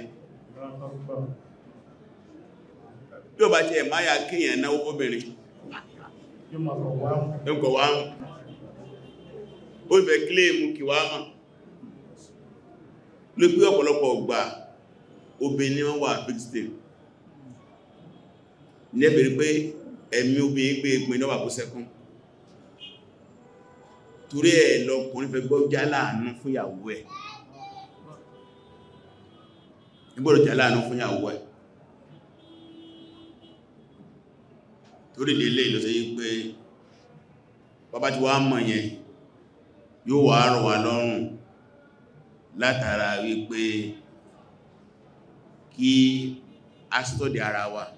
bí ó bá jẹ máa yà kíyàn náà ó bóbìnrin ẹgbọ̀ wá mú ó ìfẹ́ kílèmù kì wá mọ̀ ló ọ̀pọ̀lọpọ̀ ọgbà obìnrin wà fixed lẹ́bẹ̀rẹ̀ pé ẹ̀mí obìnrin gbé ìpín náà bó sẹ́kún torí ẹ̀ lọkùnrin fẹ́ gbọ́ jálàánú fún ìyàwó ẹ̀ ìgbọ́dọ̀ jálàánú fún ìyàwó ẹ̀ torí lélẹ̀ ìlọ́sẹ̀ yí pé bàbá ti wá mọ̀ yẹn yóò wà rọ̀ wà lọ́rùn látara wípé kí a sọ́dẹ̀ ara wa. Wa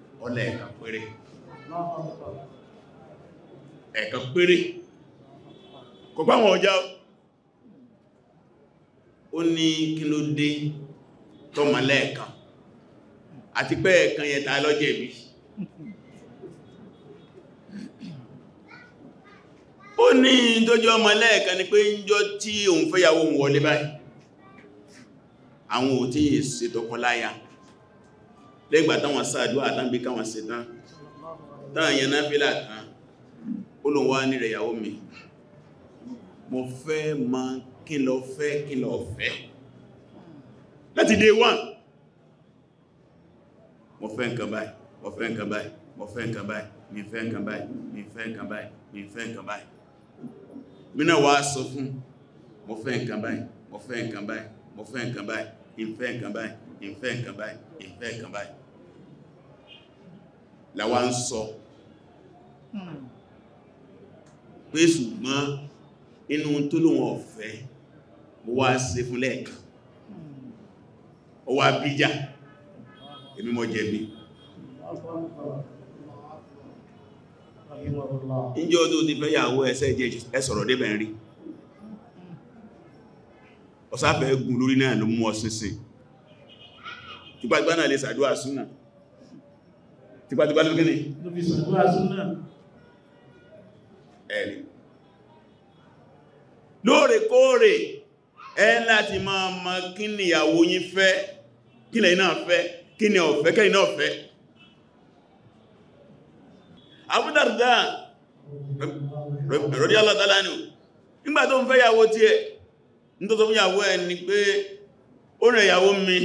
ọlẹ̀ ẹ̀kan péré ẹ̀kan péré kò bá wọn ọjá ó ní kí ló dé tọ́mọ lẹ́ẹ̀kan àti pé ẹ̀kan yẹn ta lọ́jẹ̀ bí ó ní tójú ọmọ lẹ́ẹ̀kan ni pé ń jọ tí òun fẹ́yàwó òun wọlé báyìí àwọn ò tí lẹ́gbà táwọn sáàdúwà àtàgbé káwọn sí tán táwọn yẹn náà fílà tán olùwà ní rẹ̀ yàwó mi mo fẹ́ ma kí lọ fẹ́ kí lọ fẹ́ láti day one mo fẹ́ nǹkan báyìí mo fẹ́ nǹkan báyìí mo fẹ́ nǹkan báyìí mi fẹ́ nǹkan báyìí mi fẹ́ nǹkan báyìí mi fẹ́ nǹkan báyìí mínà wá sọ fún mo fẹ́ nǹkan báyìí mo fẹ́ nǹkan báyìí mo fẹ́ nǹkan báyìí ìfẹ́ nǹkan báyìí ìfẹ́ nǹkan báyìí ìfẹ́ nǹkan báyìí làwa ń sọ hmm. pé ṣùgbọ́n inú tó lóun ọ̀fẹ́ mo wá ṣe fún lẹ́ẹ̀kan ọwá hmm. bíjà èmi mọ́ jẹ̀bi ìjọ́ tó ti fẹ́ yàwó ẹsẹ́ jẹ́ ẹsọ̀rọ̀ débẹ̀ rí ọ̀sáfẹ́ gùn lórí náà ló mú ọ sínsìn tí gbàgbà náà lè sàdúwà súnmọ̀ tipatipa ló gíní ẹ̀rì lóòrèkóòrè ẹ láti máa mọ kí ni ìyàwó yín fẹ́ kí lẹ́yìn náà fẹ́ kí ni ọ̀fẹ́ kẹ́yìn náà fẹ́ Abu Darda alátàlá ni nígbà tó ń fẹ́ ìyàwó tí ẹ fún ìyàwó ẹ ni pé ó rẹ̀ ìyàwó mi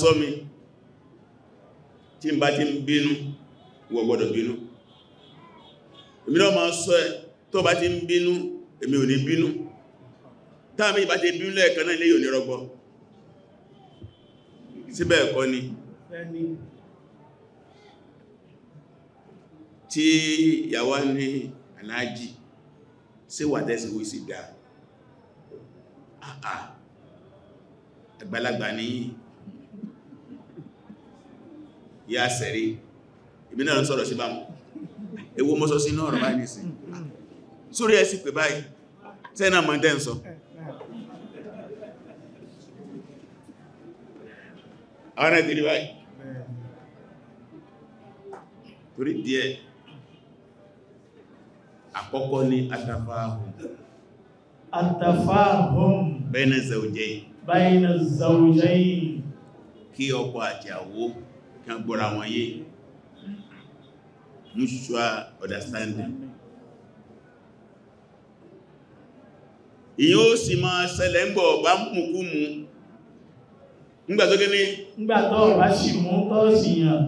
sọ mi tí n bá ti ń bínú ìwọ gbọ́dọ̀ bínú èmi náà máa sọ ẹ tó bá ti ń bínú èmi ò ní bínú táàmì ìbá ti bínú lẹ́ẹ̀kan náà ilé yóò ní rọgbọ síbẹ̀ ẹ̀kọ́ ni tí ìyàwó ní aláàjì sí wà tẹ́sí wí sí dáa àgbàlagbà yá sẹ̀rí ìbí náà ń sọ̀rọ̀ sí bá mú ewu mọ́sọ́ sí náà rọ̀bá nìsí sórí ẹ sì pé báyìí tẹ́nà mọ́ dẹ́ ń sọ àwọn náà tìrí báyìí torí díẹ̀ àkọ́kọ́ ní atafahum atafahum bayna zawjayn bayna kí ọkọ àti kan gbọ́ra wọn yé mutual understanding ìyẹn ó sì máa ṣẹlẹ̀ ń gbọ̀ bá mùkú mú nígbà tó gẹ́ni nígbà tó bá sì mú tó sì yàn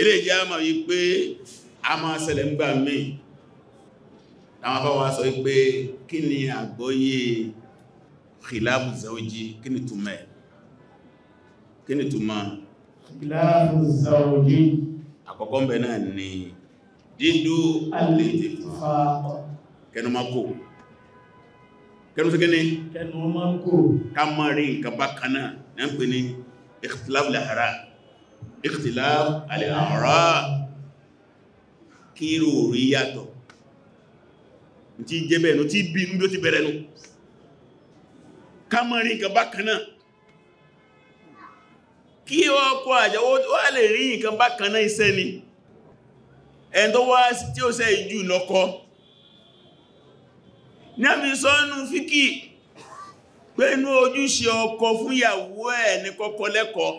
ilé ìjẹ́ a máa yí pé a máa ṣẹlẹ̀ ń gbà mí àwọn afọ́wà sọ wípé kí ni àgbọ́yé khilafu zawji kí ni túnmẹ̀ kí ni túnmà khilafu zawji àkọ́kọ́ ń bẹ náà ni dídú alìtìfà kẹnu ma kò kẹnu sí kí ni kẹnu ma kò ká mọ́ rí nǹkan bá kanáà ní ń pè ní ikhtilaf lahara kí irú rí yàtọ̀ tí jẹ́ tí bí inú bí ó ti bẹ̀rẹ̀ nu ká mọ́ rí nǹkan bá kanáà kí ọkọ àyàwó wà lè rí nǹkan bá kaná iṣẹ́ ni ẹn tó wá tí ó sẹ ìjú lọ́kọ náàbí sọ́nù fíkì pẹ́nú ojúṣe ọkọ fún ìyàwó ẹ̀ ní kọ́kọ́ lẹ́kọ̀ọ́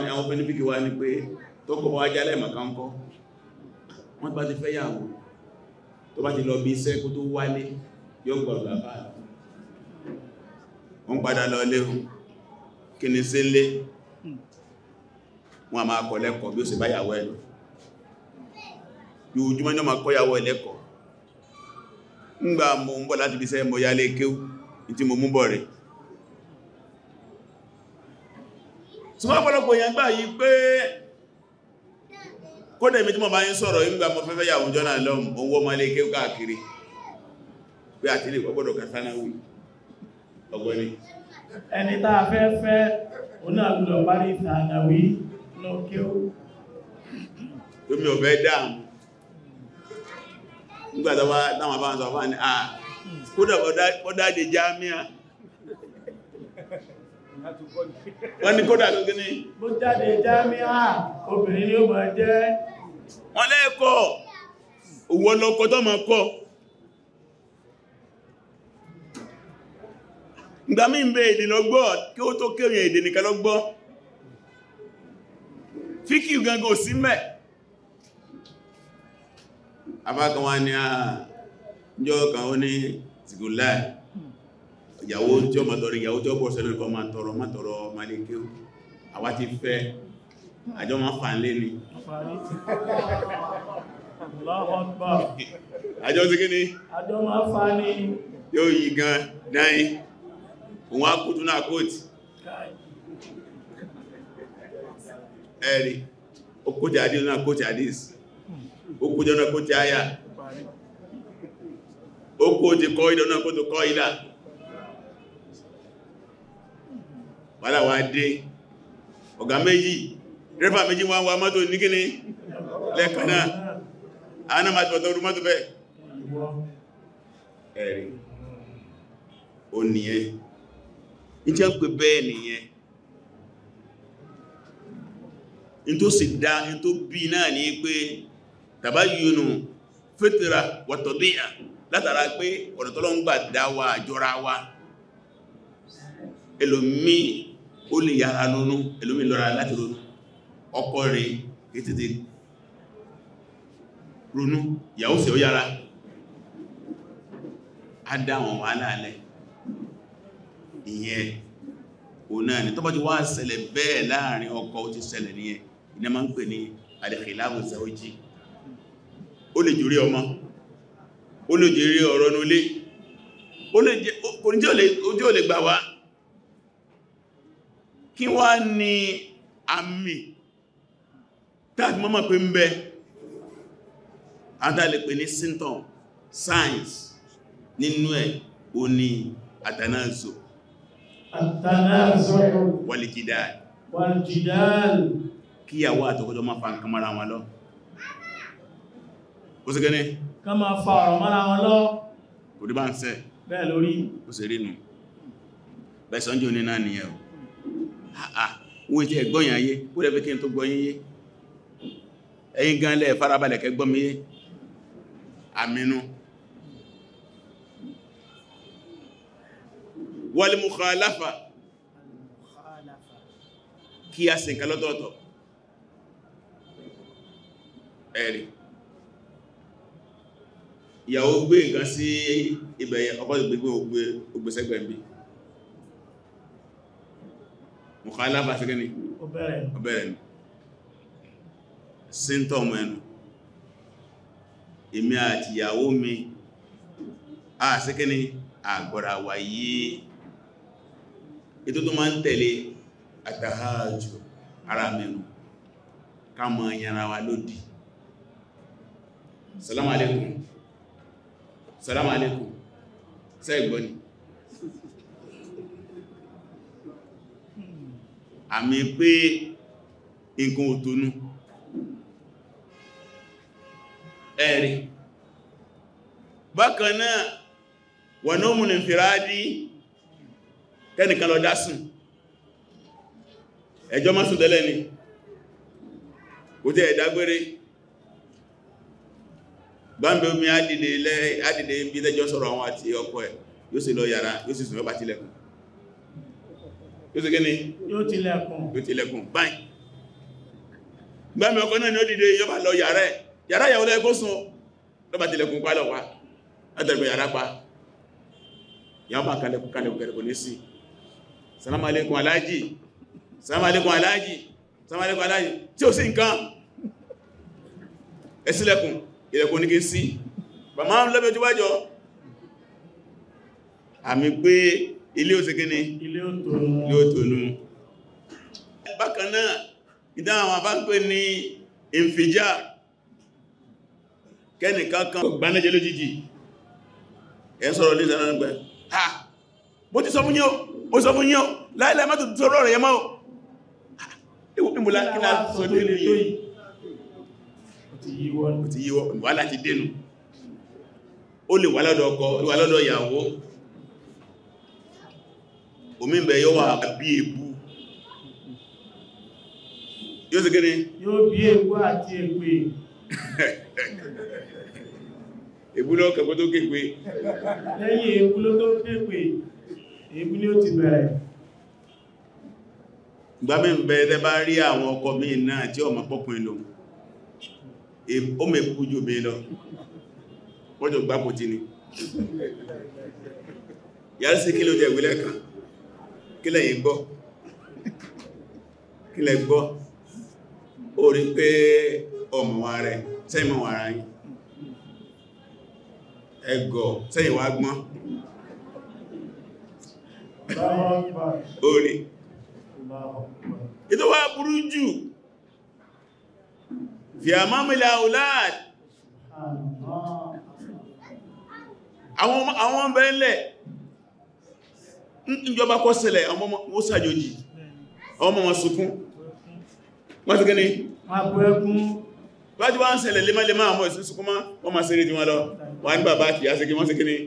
ni àwọn obìnrin fíkì wá ní pé tó kọ̀ wá jálẹ̀ mọ̀kánkọ́ wọ́n bá ti fẹ́ yàwó tó lọ bí iṣẹ́ kó tó wálé yóò gbọ̀rọ̀ bàbá wọ́n padà lọ léhùn kí ni sí lé wọn a máa kọ lẹ́kọ̀ọ́ bí ó sì bá yàwó ẹ̀ lọ yóòjúmọ́ ní ọmọ kọ́yàwó ẹlẹ́kọ̀ọ́ ńgbà mo ń bọ̀ láti bí sẹ́ ya lé kéwú tí mo mú bọ̀ rẹ̀ ṣùgbọ́n ọ̀pọ̀lọpọ̀ èèyàn gbà yí pé kódà èmi tí mo bá sọ̀rọ̀ mo fẹ́fẹ́ yàwó lọ́m owó ọmọ ilé káàkiri pé àti ilé ọgbọ́ni ẹni tá a fẹ́ fẹ́ òun náà lọ parí ìtànàwí lọ kí ó lómi ọ̀bẹ́ dáàmù nígbàtàwà dáwọn bá ń sọ fáà ní à ah, kódà ọdáde jámíà wọ́n ní kódà tó gíní bó jáde jámíà ah, obìnrin ni ó máa jẹ́ wọ́n lẹ́ẹ̀kọ́ òwò lọ́kọ́ tó máa ìgbà mí ń bẹ èdè lọ́gbọ́ kí ó tó kéèyàn èdè nìkan lọ́gbọ́ fíkì gangan ò sí mẹ́ abákan wá ní àjọ kan ó ní tìgúnlá ìyàwó tí ó mọ̀tọ̀rọ̀ ìyàwó tí ó bọ̀ sẹ́lẹ̀ kan máa tọrọ máa tọrọ máa lè kí ni àjọ ti kí ni àjọ máa òun á na náà kóòtì ẹ̀rí okójì àdíò náà kóòtì àdís okójì náà kóòtì àyà okójì kọ́ ìdọ̀ náà kóòtì kọ́ ìdà wàlá wà dé ọ̀gá méjì rẹ́fà méjì wọ́n wá mọ́tò ní kíní lẹ́kànáà ní tí a ń pè bẹ́ẹ̀ nìyẹn in tó sì dá in tó bí náà ní pé tàbá yúnù fẹ́tẹ̀rà wàtọ̀bíyà látara pé ọ̀nà tọ́lọ́ ń gbà dá wa àjọra wa ẹlòmí ó lè yára lónú ẹlòmí lọ́ra láti lónú ọkọ rẹ̀ ètètè ronú ìyàwó sì ó yára á dá àwọn wàhálà ìyẹn o náà ni tó bá ti wá ṣẹlẹ̀ bẹ́ẹ̀ láàrin ọkọ ó ti ṣẹlẹ̀ ní ẹ iná máa ń pè ní al-khilafu zawji ó lè jùrí ọmọ ó lè jùrí ọ̀rọ̀ nulé kò ní lè gbà wá kí wá ní àmì tàbí mọ́mọ̀ pé ń bẹ adálẹ̀pẹ̀ ní symptom science nínú ẹ̀ o ní àdánáàzò àtànàzọ́ wàlìjìdáàlì wàlìjìdáàlì kíyàwó àtọkọjọ máa fa nǹkan mara wọn lọ ó sì gẹ́ni ká máa fa ọ̀rọ̀ mara wọn lọ kò dí bá ń sẹ́ bẹ́ẹ̀ lórí ó sì rínú bẹ́sàn jò ní náà nìyẹn o wọ́n jẹ́ ẹgbọ́yìn ayé ó rẹ̀ fi kí n tó gbọ́yìn yé ẹ̀yin gan lẹ́ farabalẹ̀ kẹgbọ́mí wal mukhalafa kí a sì nǹkan lọ́tọ̀ọ̀tọ̀ ẹ̀rì ìyàwó gbé nǹkan sí ibẹ̀yẹ ọkọ ìgbégbé ògbésẹ́gbẹ̀ bí mukhalafa sí gẹ́ni ọbẹ̀rẹ̀ ni síntọ́mù ẹnu èmi àti ìyàwó mi a sí àgbọ̀ràwà yìí ètò tó máa ń tẹ̀lé àtàhájù ara mẹ́rin ká mọ̀ yànra wa lódì salamu alaikum salamu alaikum sẹ́ ìgbọ́ni àmì pé nǹkan òtónú ẹ̀rí bákan náà wọ̀nà òmùnì fìrádìí kẹ́nìkan lọ dásùn ẹjọ́ má sùn tẹ́lẹ̀ ni kò tẹ́ ẹ̀dágbére gbáǹbẹ̀ omi adìde ibi tẹ́jọ́ sọ̀rọ̀ àwọn àti ọkọ ẹ̀ yóò sì lọ yàrá yóò sì sùn yóò bá tilẹ̀kùn yóò sì gẹ́ni yóò tilẹ̀kùn báyìí gbáǹbẹ̀ ọkọ náà ni ó dìde yóò bá lọ yàrá ẹ̀ yàrá ìyàwó lẹ́ẹ̀kó sùn lọ́bà tilẹ̀kùn pálọ̀ wá látẹ̀lẹ̀kùn yàrá pa yàwó bá kalẹ̀kùn kalẹ̀kùn kẹrẹ̀kùn ní sí i salamu alaikum alájì salamu alaikum alájì salamu alaikum alájì tí ó sì nǹkan ẹsílẹ̀kùn ilẹ̀kùn ní kí sí bà máa ń lọ́bẹ̀ ojú wájọ́ àmì pé ilé ó ṣekíní ilé ó tònú bákan náà ìdáhùn àwọn abáńpé ní ìfìjá kẹ́nìkankan gbanájẹ́ lójíjì ẹ̀ sọ̀rọ̀ ní ìsànà gbẹ̀ ha mo ti sọ mú ní ó sọ fún yín láìláì má tó tó rọrọ̀ yẹn mọ́ ìmúlá kí náà sọ lé ní yìí ó ti yíwọ́ ìwà láti dénú ó lè wà lọ́dọ̀ ọkọ ìwà lọ́dọ̀ ìyàwó omi ń bẹ yóò wà bí èbú yóò sì gẹ́ni yóò bí èbú àti èpè èbú lọ́kẹ̀kọ́ tó képe lẹ́yìn èbú ló tó képe èébú ni ó ti bẹ̀rẹ̀ gbámi ń bẹ̀rẹ̀ tẹ́ bá rí àwọn ọkọ mi náà tí ọmọ pọ́pùn ìlò ó mẹ́ kúkú jù bí lọ wọ́n jọ gbápò tí ni yàrí sí kí ló jẹ ìwé lẹ́kàn kí lẹ́yìn gbọ́ kí lẹ́ gbọ́ ó rí pé ọmọ wa rẹ̀ sẹ́yìn mọ́ wa ara yìí ẹgọ̀ sẹ́yìn wá gbọ́n orí ètò wà burú jù fi àmámìlà aulad àwọn ọmọ ẹlẹ̀ ìjọba kọ́ sílẹ̀ ọmọ wọ́n sàjòjì ọmọ wọn sunkún wọ́n ti gẹ́ni láti wá ń ṣẹlẹ̀ lémẹ́lémẹ́ àwọn ìsìn sunkún má wọ́n ma ṣeré jí wọn lọ wọ́n ní bàbá kìí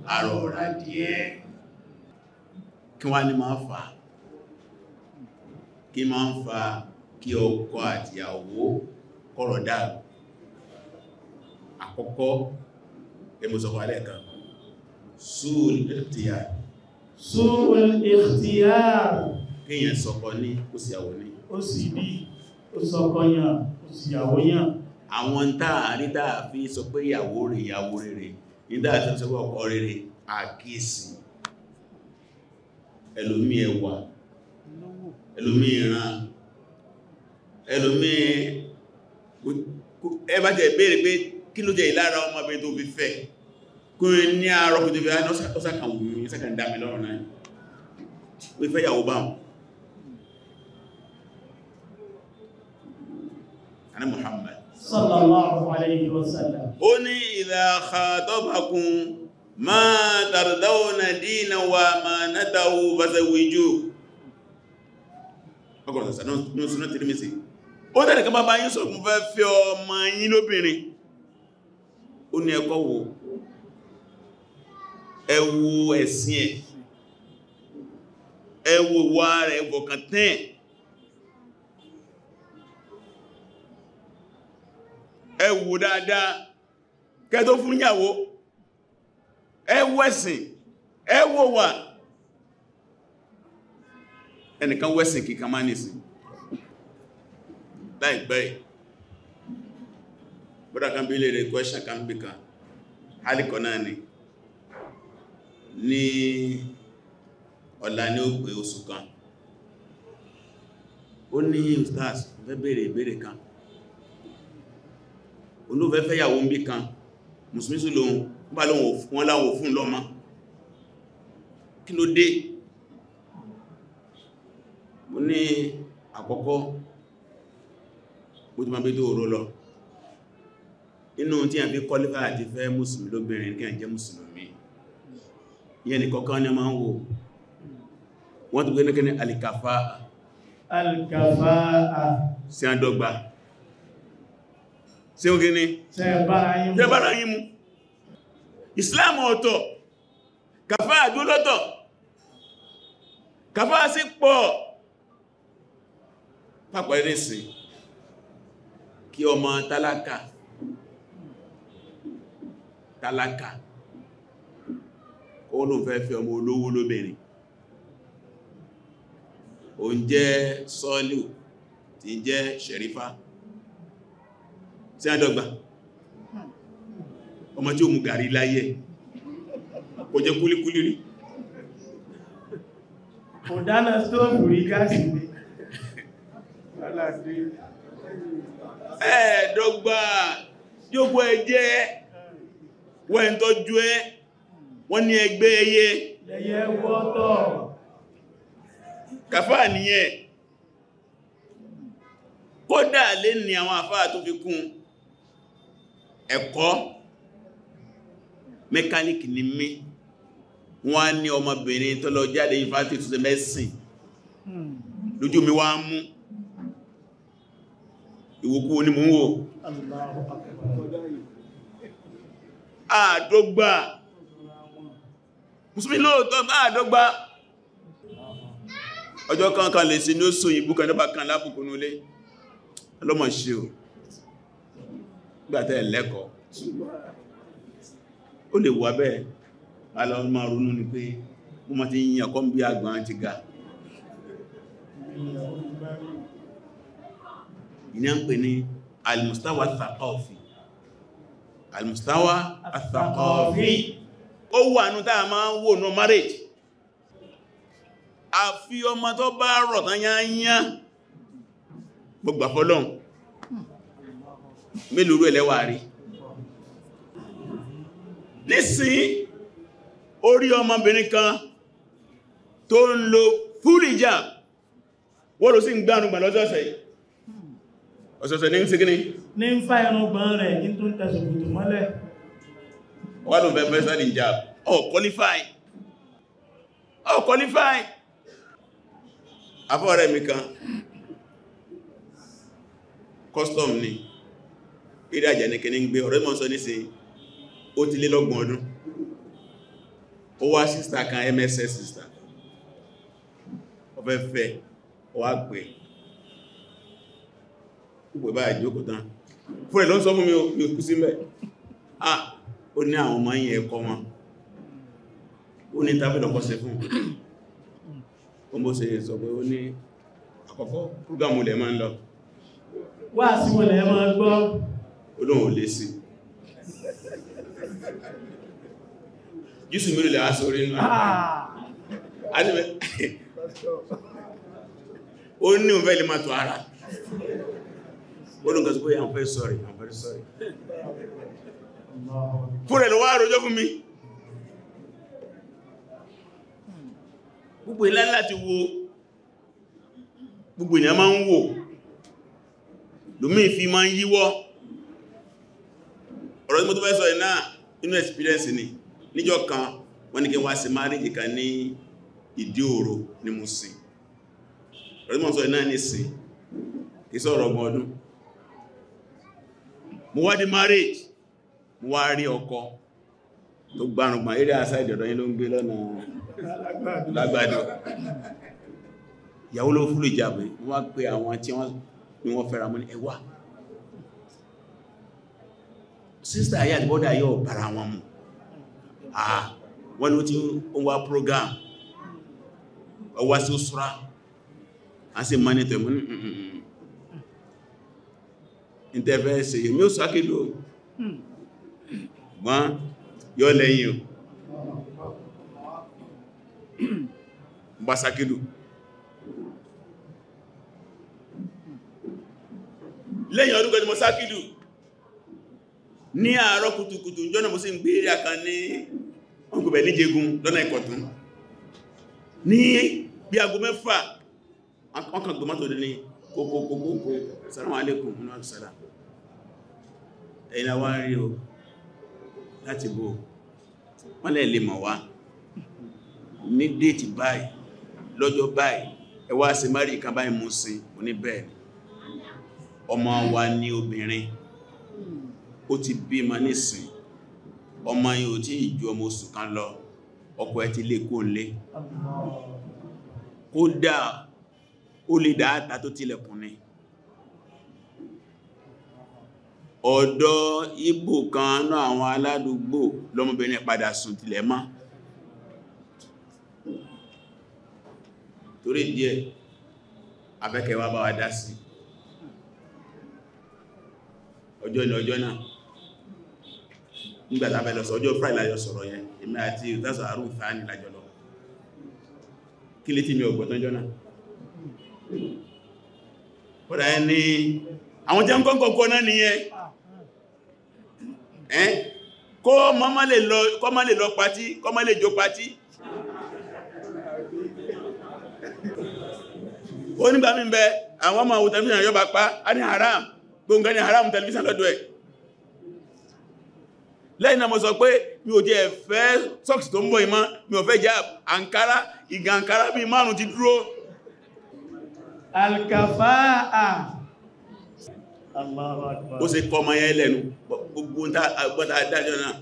àrọ̀ ọ̀rá díẹ̀ kí wá ní máa fà kí máa ń fa kí ọkọ àtìyàwó kọ̀rọ̀ dáàbù àkọ́kọ́ ẹmùsọ̀kọ̀ alẹ́ kan sùúrù ikhtiyar sùúrù ikhtiyar kíyàn sọ̀kọ̀ ní kò sí àwọ̀ ní ó sì bí ó sọ̀kọ̀ yàn kò sí àwọ̀ yàn àwọn táàrí táà fi sọ pé ìyàwó rẹ̀ ìyàwó rẹ̀ ìdá àti ọ̀sẹ̀wọ̀ ọkọ̀ rere àkíyèsí ẹlòmí ẹwà ẹlòmí ìran ẹlòmí ẹbájẹ̀ ìbéèrè pé kí ló jẹ́ ìlara ọmọbìnrin tó fi fẹ́ kó ní àárọ̀ kò tó fi rán ọ̀sàkàwòrán ìsàkàndámi lọ́rọ̀ náà wífẹ́ ìyàwó báwọn Muhammad sallallahu alayhi wa sallam ó ní idha khatabakum ma tardawna dina wa manatahu fazawiju ọgọ́rùn sànà ní oṣù náà tìrìmìsì ó tẹ́lẹ̀ kan bá yín sọ̀kún fẹ́ fẹ́ ọmọ yín lóbìnrin ó ní ẹ̀kọ́ wo ẹ ẹ̀sìn ẹ̀ ẹ wà rẹ̀ ẹ̀wọ̀kàn tẹ́ẹ̀ ẹ wò dáadáa kẹ́ tó fún ìyàwó ẹ wo ẹ̀sìn ẹ wo wà ẹnìkan wẹ́sìn kíkà máa nìsìn láìpẹ́ bọ́dá kan bí lè rẹ̀ question kan bí kan hálìkọ̀ náà ni ní ọ̀la ní ó pé oṣù kan ó ní ustaz fẹ́ béèrè kan olóòfẹ́fẹ́ yàwó ń bí kan musulmi sí lóhun bá lóhun wọ́n láwọn òfún lọ́mọ kí ló dé mo ní àkọ́kọ́ mo ti máa bí tó oró lọ inú tí a fi kọlífà àti fẹ́ musulmi lóbìnrin kí a jẹ́ musulmi yẹ́ ni kọ́kọ́ ní a máa ń wò wọ́n tó gbé ní ni alikafa alikafa sí àdọ́gba ṣe ó gíní ṣe bára yí mú islam ọ̀tọ̀ kàfà àdúlọ́tọ̀ kàfà sí pọ̀ pàpọ̀ ẹ̀rẹ́sì kí ọmọ tálákà tálákà olùfẹ́fẹ́ ọmọ olówó lóbìnrin oúnjẹ sọ́lù tí jẹ́ ṣẹ̀rífà sí àdọ́gba ọmọ tí ó mú gàrí láyé kò jẹ kúlíkúlí rí kò dáná stóòfù rí gáàsì ní aládé ẹ̀ẹ́dọ́gba yóò ẹjẹ́ wọ́n tọ́jú ẹ wọ́n ní ẹgbẹ́ ẹyẹ ẹyẹ wọ́tọ̀ kàfà nìyẹn kódà lè ní àwọn àfáà tó fi kún un ẹ̀kọ́ mẹ́kánìkì ni mí wọ́n á ní ọmọbìnrin tó lọ jáde ìfàtí tó ṣe mẹ́sìn lójú mi wá mú ìwòkú ní mú wò àdọ́gba musulmi lóòtọ́ àdọ́gba ọjọ́ kankan lè sí ní ó sọ ìbúkan lọ́bàkan lábùkún nulé ọlọ́mọ̀ ṣe o gbàtẹ́ ẹ̀lẹ́kọ̀ọ́ ó lè wà bẹ́ẹ̀ alọ́mọ ronú ni pé mo ma ti ti ga ìní ń pè ní ó wà táà máa ń wò ọmọ tó bá rọ̀ tán gbogbo àfọ́lọ́hùn mélòó rú ẹlẹ́wà rí nísìn orí ọmọbìnrin kan tó ń lo full hijab wọ́n ló sí ń gbánu gbà lọ́sọ̀ọ̀sẹ̀ ọ̀sọ̀ọ̀sẹ̀ ní ń sí kíní ní ń fá ẹrùngbọ̀n rẹ̀ ní tó ń tẹ̀sùgbùtù mọ́lẹ̀ wọ́n ló fẹ́ qualify ọ̀ qualify afọ́ rẹ̀ custom ni eré àjẹ́nìkẹ́ ní gbé ọ̀rẹ́ mọ́ sọ nísìn ó ti lé lọ́gbọ̀n ọdún ó wá sísta kan mss sísta ọfẹ́ fẹ́ ó wá pè púpẹ̀ bá ìjókòó tán fún ló ń sọ mú mi kú sí mẹ́ ah ó ní àwọn ọmọ yìí ẹ̀kọ́ wọn ó ní tábìlì ọkọ̀ sí fún ó mọ́ sí sọ pé ó ní àkọ́kọ́ púrógámù lẹ̀ máa ń lọ wá sí wọn lẹ̀ máa gbọ́ olóhun lè sí jésù mẹ́rin lè á sórí inú àdìbẹ̀ ah! ó ní òun fẹ́ lè máa tó ara olóhun kàtùkú I'm very sorry I'm very sorry fúrẹ̀ lọ wá àròjọ́ fún mi gbogbo ilá láti wo gbogbo ìyàn máa ń wò lómi fi máa ń yíwọ́ ọ̀rọ̀ tí mo tó fẹ́ sọ iná inú experience ni níjọ́ kan wọ́n ní kí wá sí marriage kan ní ìdí òòrò ní mo sì ọ̀rọ̀ tí mo sọ iná ní sí kì í sọ̀rọ̀ ọmọ ọdún mo wá di marriage mo wá rí ọkọ tó gbarùngbà eré àṣà ìdọ̀dọ̀ yìí ló ń gbé lọ́nà lágbàdo ìyàwó ló fúlù ìjàbẹ̀ wọ́n wá pé àwọn tí wọ́n fẹ́ra mọ́ ní ẹwà sísta ayé àti bọ́dà yóò bára wọn mú àà wọ́n ni ó ti ń wá program ọwá sí òṣùra a sì mọ́ ní tẹ̀mọ́ ìtẹ̀fẹ́ẹ̀sì yẹ̀mí ó sákèdò wọ́n yọ́ lẹ́yìn o bá sákèdò lẹ́yìn ọdún gẹ́gẹ́ mọ́ sákèdò ní àárọ̀ kùtùkùtù jọ́nà mo sì ń gbé area kan ní ọkùnbẹ̀ níjegun lọ́nà ìkọ̀tún ní bí aago mẹ́fà ọkàn gbọmọ́ tó dínlé kòkòkòkò salamu alaikum inú àtìsára ẹ̀yìnlá wá rí o láti bò wọ́n lẹ́ lè mọ̀ wá ní déètì báyìí lọ́jọ́ báyìí ẹwà ọmọ wa ní obìnrin ó ti bímọ nísìn ọmọ yìí ò tí ìjú ọmọ oṣù kan lọ ọkọ ẹ̀ ti lè kó lé kódà ó lè dáadáa tó tilẹ̀kùn ni ọ̀dọ̀ ibò kan náà àwọn aládùúgbò lọ́mọbìnrin padà sùn tilẹ̀ mọ́ torí díẹ̀ abẹ́kẹ̀wà bá wa dá sí ọjọ́ ni ọjọ́ náà nígbà tá a fẹ́ lọ sọ ọjọ́ friday lájọ sọ̀rọ̀ yẹn èmi àti ìtàṣà àrùn ìfàánì lájọ lọ kí lé tí mi ọgbọ̀tán jọ́nà ọ̀dá ẹ ni àwọn jẹ́ ń kọ́kọ́ náà nìyẹn ẹ́ kó má lè lọ pàtí kó má lè jó pàtí ó nígbà mí bẹ àwọn ọmọ òtẹ́lifíṣàn yọba pa á ní haram gbóngá ní haram tẹlifíṣàn lọ́dọ̀ ẹ̀ lẹ́yìn náà mo sọ pé mi ò jẹ́ ẹ̀fẹ́ sọ́ọ̀sì tó ń bọ̀ ìmọ́ mi ò fẹ́ jẹ́ àǹkárá ìgà àǹkárá bí márùn ti dúró alkafa'a Akbar ó sì kọ ọmọ yẹn lẹ́nu gbogbo gbọ́ta dájọ́ náà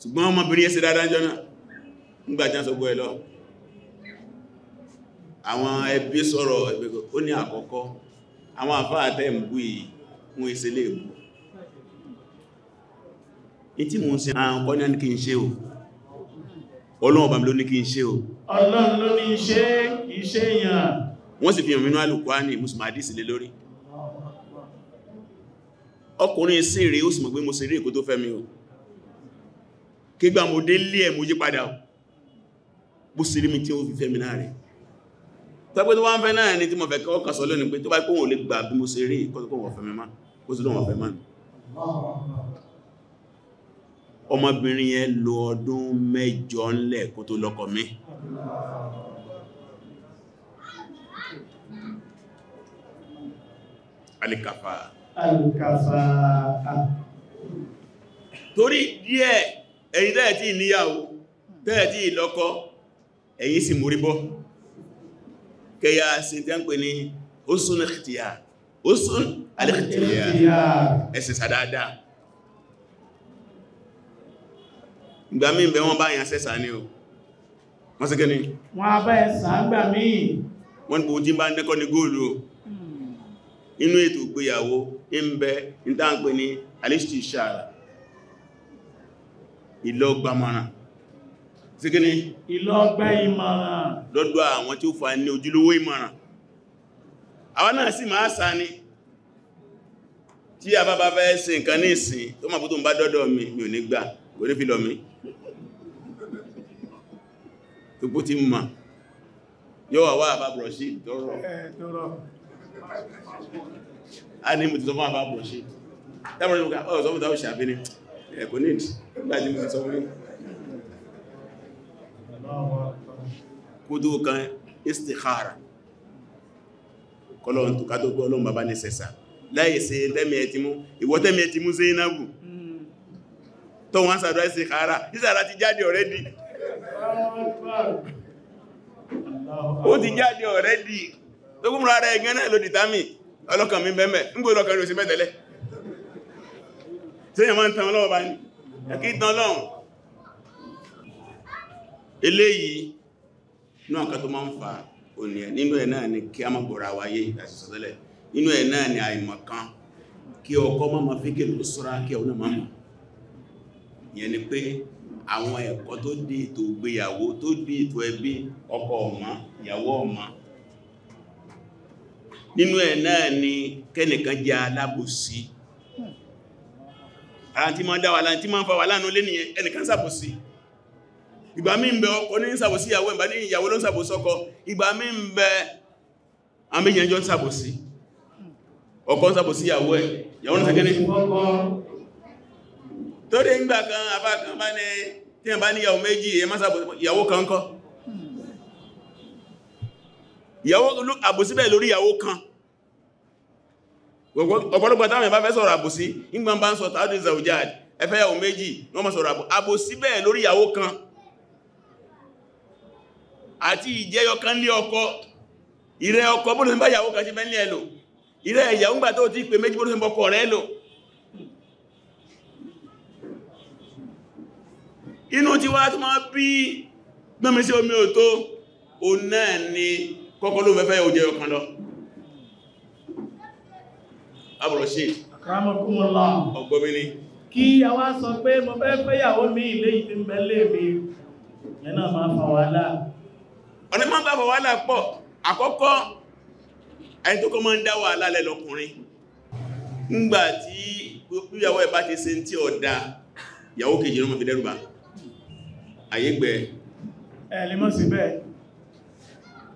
ṣùgbọ́n ọmọbìnrin yẹ́ sí dájọ́ náà nígbàjá sọ gbọ́ ẹ lọ àwọn ẹbí sọ̀rọ̀ ẹgbẹ̀gbẹ̀ ó ní àkọ́kọ́ àwọn àfáà tẹ́ ìmú yìí fún ìmú ìtí mò ń àwọn ah, kọ́ ní kí n ṣe o ọlọ́wọ̀n bàmí ló ní kí n ṣe o ọlọ́run ló ní ṣe iṣẹ́ èèyàn wọ́n sì fi hàn nínú alùkwáni musulman àdísì lé lórí ọkùnrin sí rí ó sì mọ̀ pé mo sì rí èkó tó fẹ́ mi o kígbà mo dé lé ẹ̀ mo yí padà bó sì rí mi tí ó fi fẹ́ mi náà rẹ̀ tọ́pẹ́ tó wá ń fẹ́ náà ní tí mo fẹ́ kọ́ kàsọ́ lónìí pé tó bá kóhùn lè gbà bí mo sì rí ìkọ́ ọmọbìnrin yẹn lo ọdún mẹ́jọ ńlẹ̀ kó tó lọ́kọ mi alìkàfà alìkàfà torí díẹ̀ ẹ̀yin tẹ́ẹ̀ tí níyàwó tẹ́ẹ̀ tí lọ́kọ ẹ̀yin sì múrí kẹyà sí tẹ́ ń pè ní ó sún ẹ̀sẹ̀ sàdáadáa ìgbà míì bẹ wọ́n bá yàn sẹ́sà ní o wọ́n sí kẹ́ ní wọ́n bá ẹ̀sà gbà míì wọ́n bó jí bá ń dẹ́kọ́ ní góòlù o hmm. inú ètò ìgbéyàwó ń bẹ ìtàǹpẹ́ ní al-istishara sí kẹ́ ní ìmọ̀ràn lọ́dọ̀ àwọn tí ó fà ní ojúlówó ìmọ̀ràn ni tí a bá bá fẹ́ sí nǹkan fi lọ mi tó kó ti mọ̀ yóò wà wá àbábọ̀ṣì tọ́rọ a ní mo ti sọ fún àbábọ̀ṣì dámọ̀rẹ́ mú ká ọ̀rọ̀ sọ fún dáwọ̀ ṣàbíní ẹ̀kọ́ ní ìgbàjí mo ti sọ fún kódó kan istikhara kọlọ́n tó kátó pé ọlọ́run bàbá ní sẹ̀sà láì ṣe tẹ́mì ẹ̀tìmú ìwọ́ tẹ́mì ẹ̀tìmú Zainabu tó wọ́n sàdọ́ istikhara ìsàrà ti jáde already ó ti jáde dị tó gúnmùra rẹ̀ ẹgbẹ́ náà ló dìtàmì ọlọ́kàn mi bẹ́m̀bẹ̀ ń gbò lọ́kàn rí òsì mẹ́tẹ̀lẹ̀ tí èyàn máa ń tan ọlọ́wọ́ bá ní tan lọ́hùn eléyìí náà tó máa ń fa òní ẹ̀ nínú ẹ̀ àwọn ẹ̀kọ́ tó dé ètò ìgbéyàwó tó dé ètò ẹbí ọkọ ọmọ ìyàwó ọmọ nínú ẹ̀ náà ni kẹ́nìkan jẹ́ alábòsí àwọn tí máa dá wà láti máa ń fa wà láàánú lé nìyẹn ẹnìkan ṣàbòsí ìgbà mí ń bẹ ọkọ ní ṣàbòsí ìyàwó ìgbà ní ìyàwó ló ń ṣàbòsí ọkọ ẹ̀ ìyàwó ń ṣàkẹ́ni torí ń gbà kan afá kan bá ní tí ẹ̀bá ní ìyàwó méjì èyẹ máa sàbò ìyàwó kan kọ́ àbòsíbẹ̀ lórí ìyàwó kan ọ̀pọ̀lọpọ̀ táwọn ẹ̀bá fẹ́ sọ̀rọ̀ àbòsí ìgbọ́n bá ń sọ tàbí zaujad ẹfẹ́ ìyàwó méjì wọ́n máa sọ̀rọ̀ àbòsíbẹ̀ lórí ìyàwó kan àti ìjẹyọ kan inú tí wá tí wọ́n bí gbẹ́mí sí omi òtó o náà ni kọ́kọ́ ló fẹ́fẹ́ òjẹ́ ọkàn lọ abúrọ̀ṣe akramakumullah ọgbọ́mini kí a wá sọ pé mo fẹ́ fẹ́yàwó mi ilé ìtí mẹ́lẹ̀ mi ẹ̀nà máa fà wàhálà ọ̀nà máa ìyàwó ẹ̀ ti ṣe ń tí ọ̀dá ìyàwó kejì ló máa fi ayé gbẹ ẹ lè mọ́ sí bẹ́ẹ̀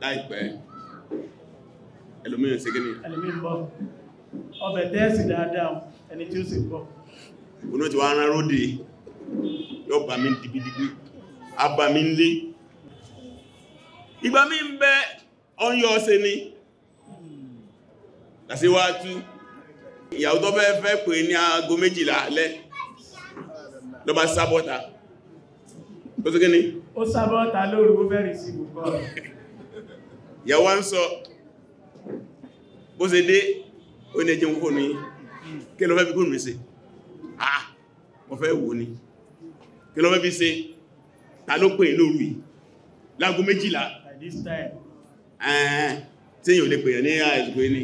láìpẹ́ ẹlòmíràn sí gíní ẹlòmíràn dáadáa ẹni tí ó sì bọ́ oná ti wá rán ródì yóò bá mi dìbìdìbì abà mi nlé ìgbà mi ń bẹ ni àṣíwájú ìyàwó tó pè ní aago méjìlá ó sí gíní ó sábọ́ta lórí ó fẹ́rì sí bùkọ́ yàwó ń sọ bó ṣe dé ó ní ẹjẹun fóònù yìí kí ló fẹ́ fi kúrùn mi ṣe ah mo fẹ́ wò ní kí ló fẹ́ fi ṣe ta ló pè lóru yìí láago méjìlá tí èyàn lè pèyàn ní àìsùgbé ní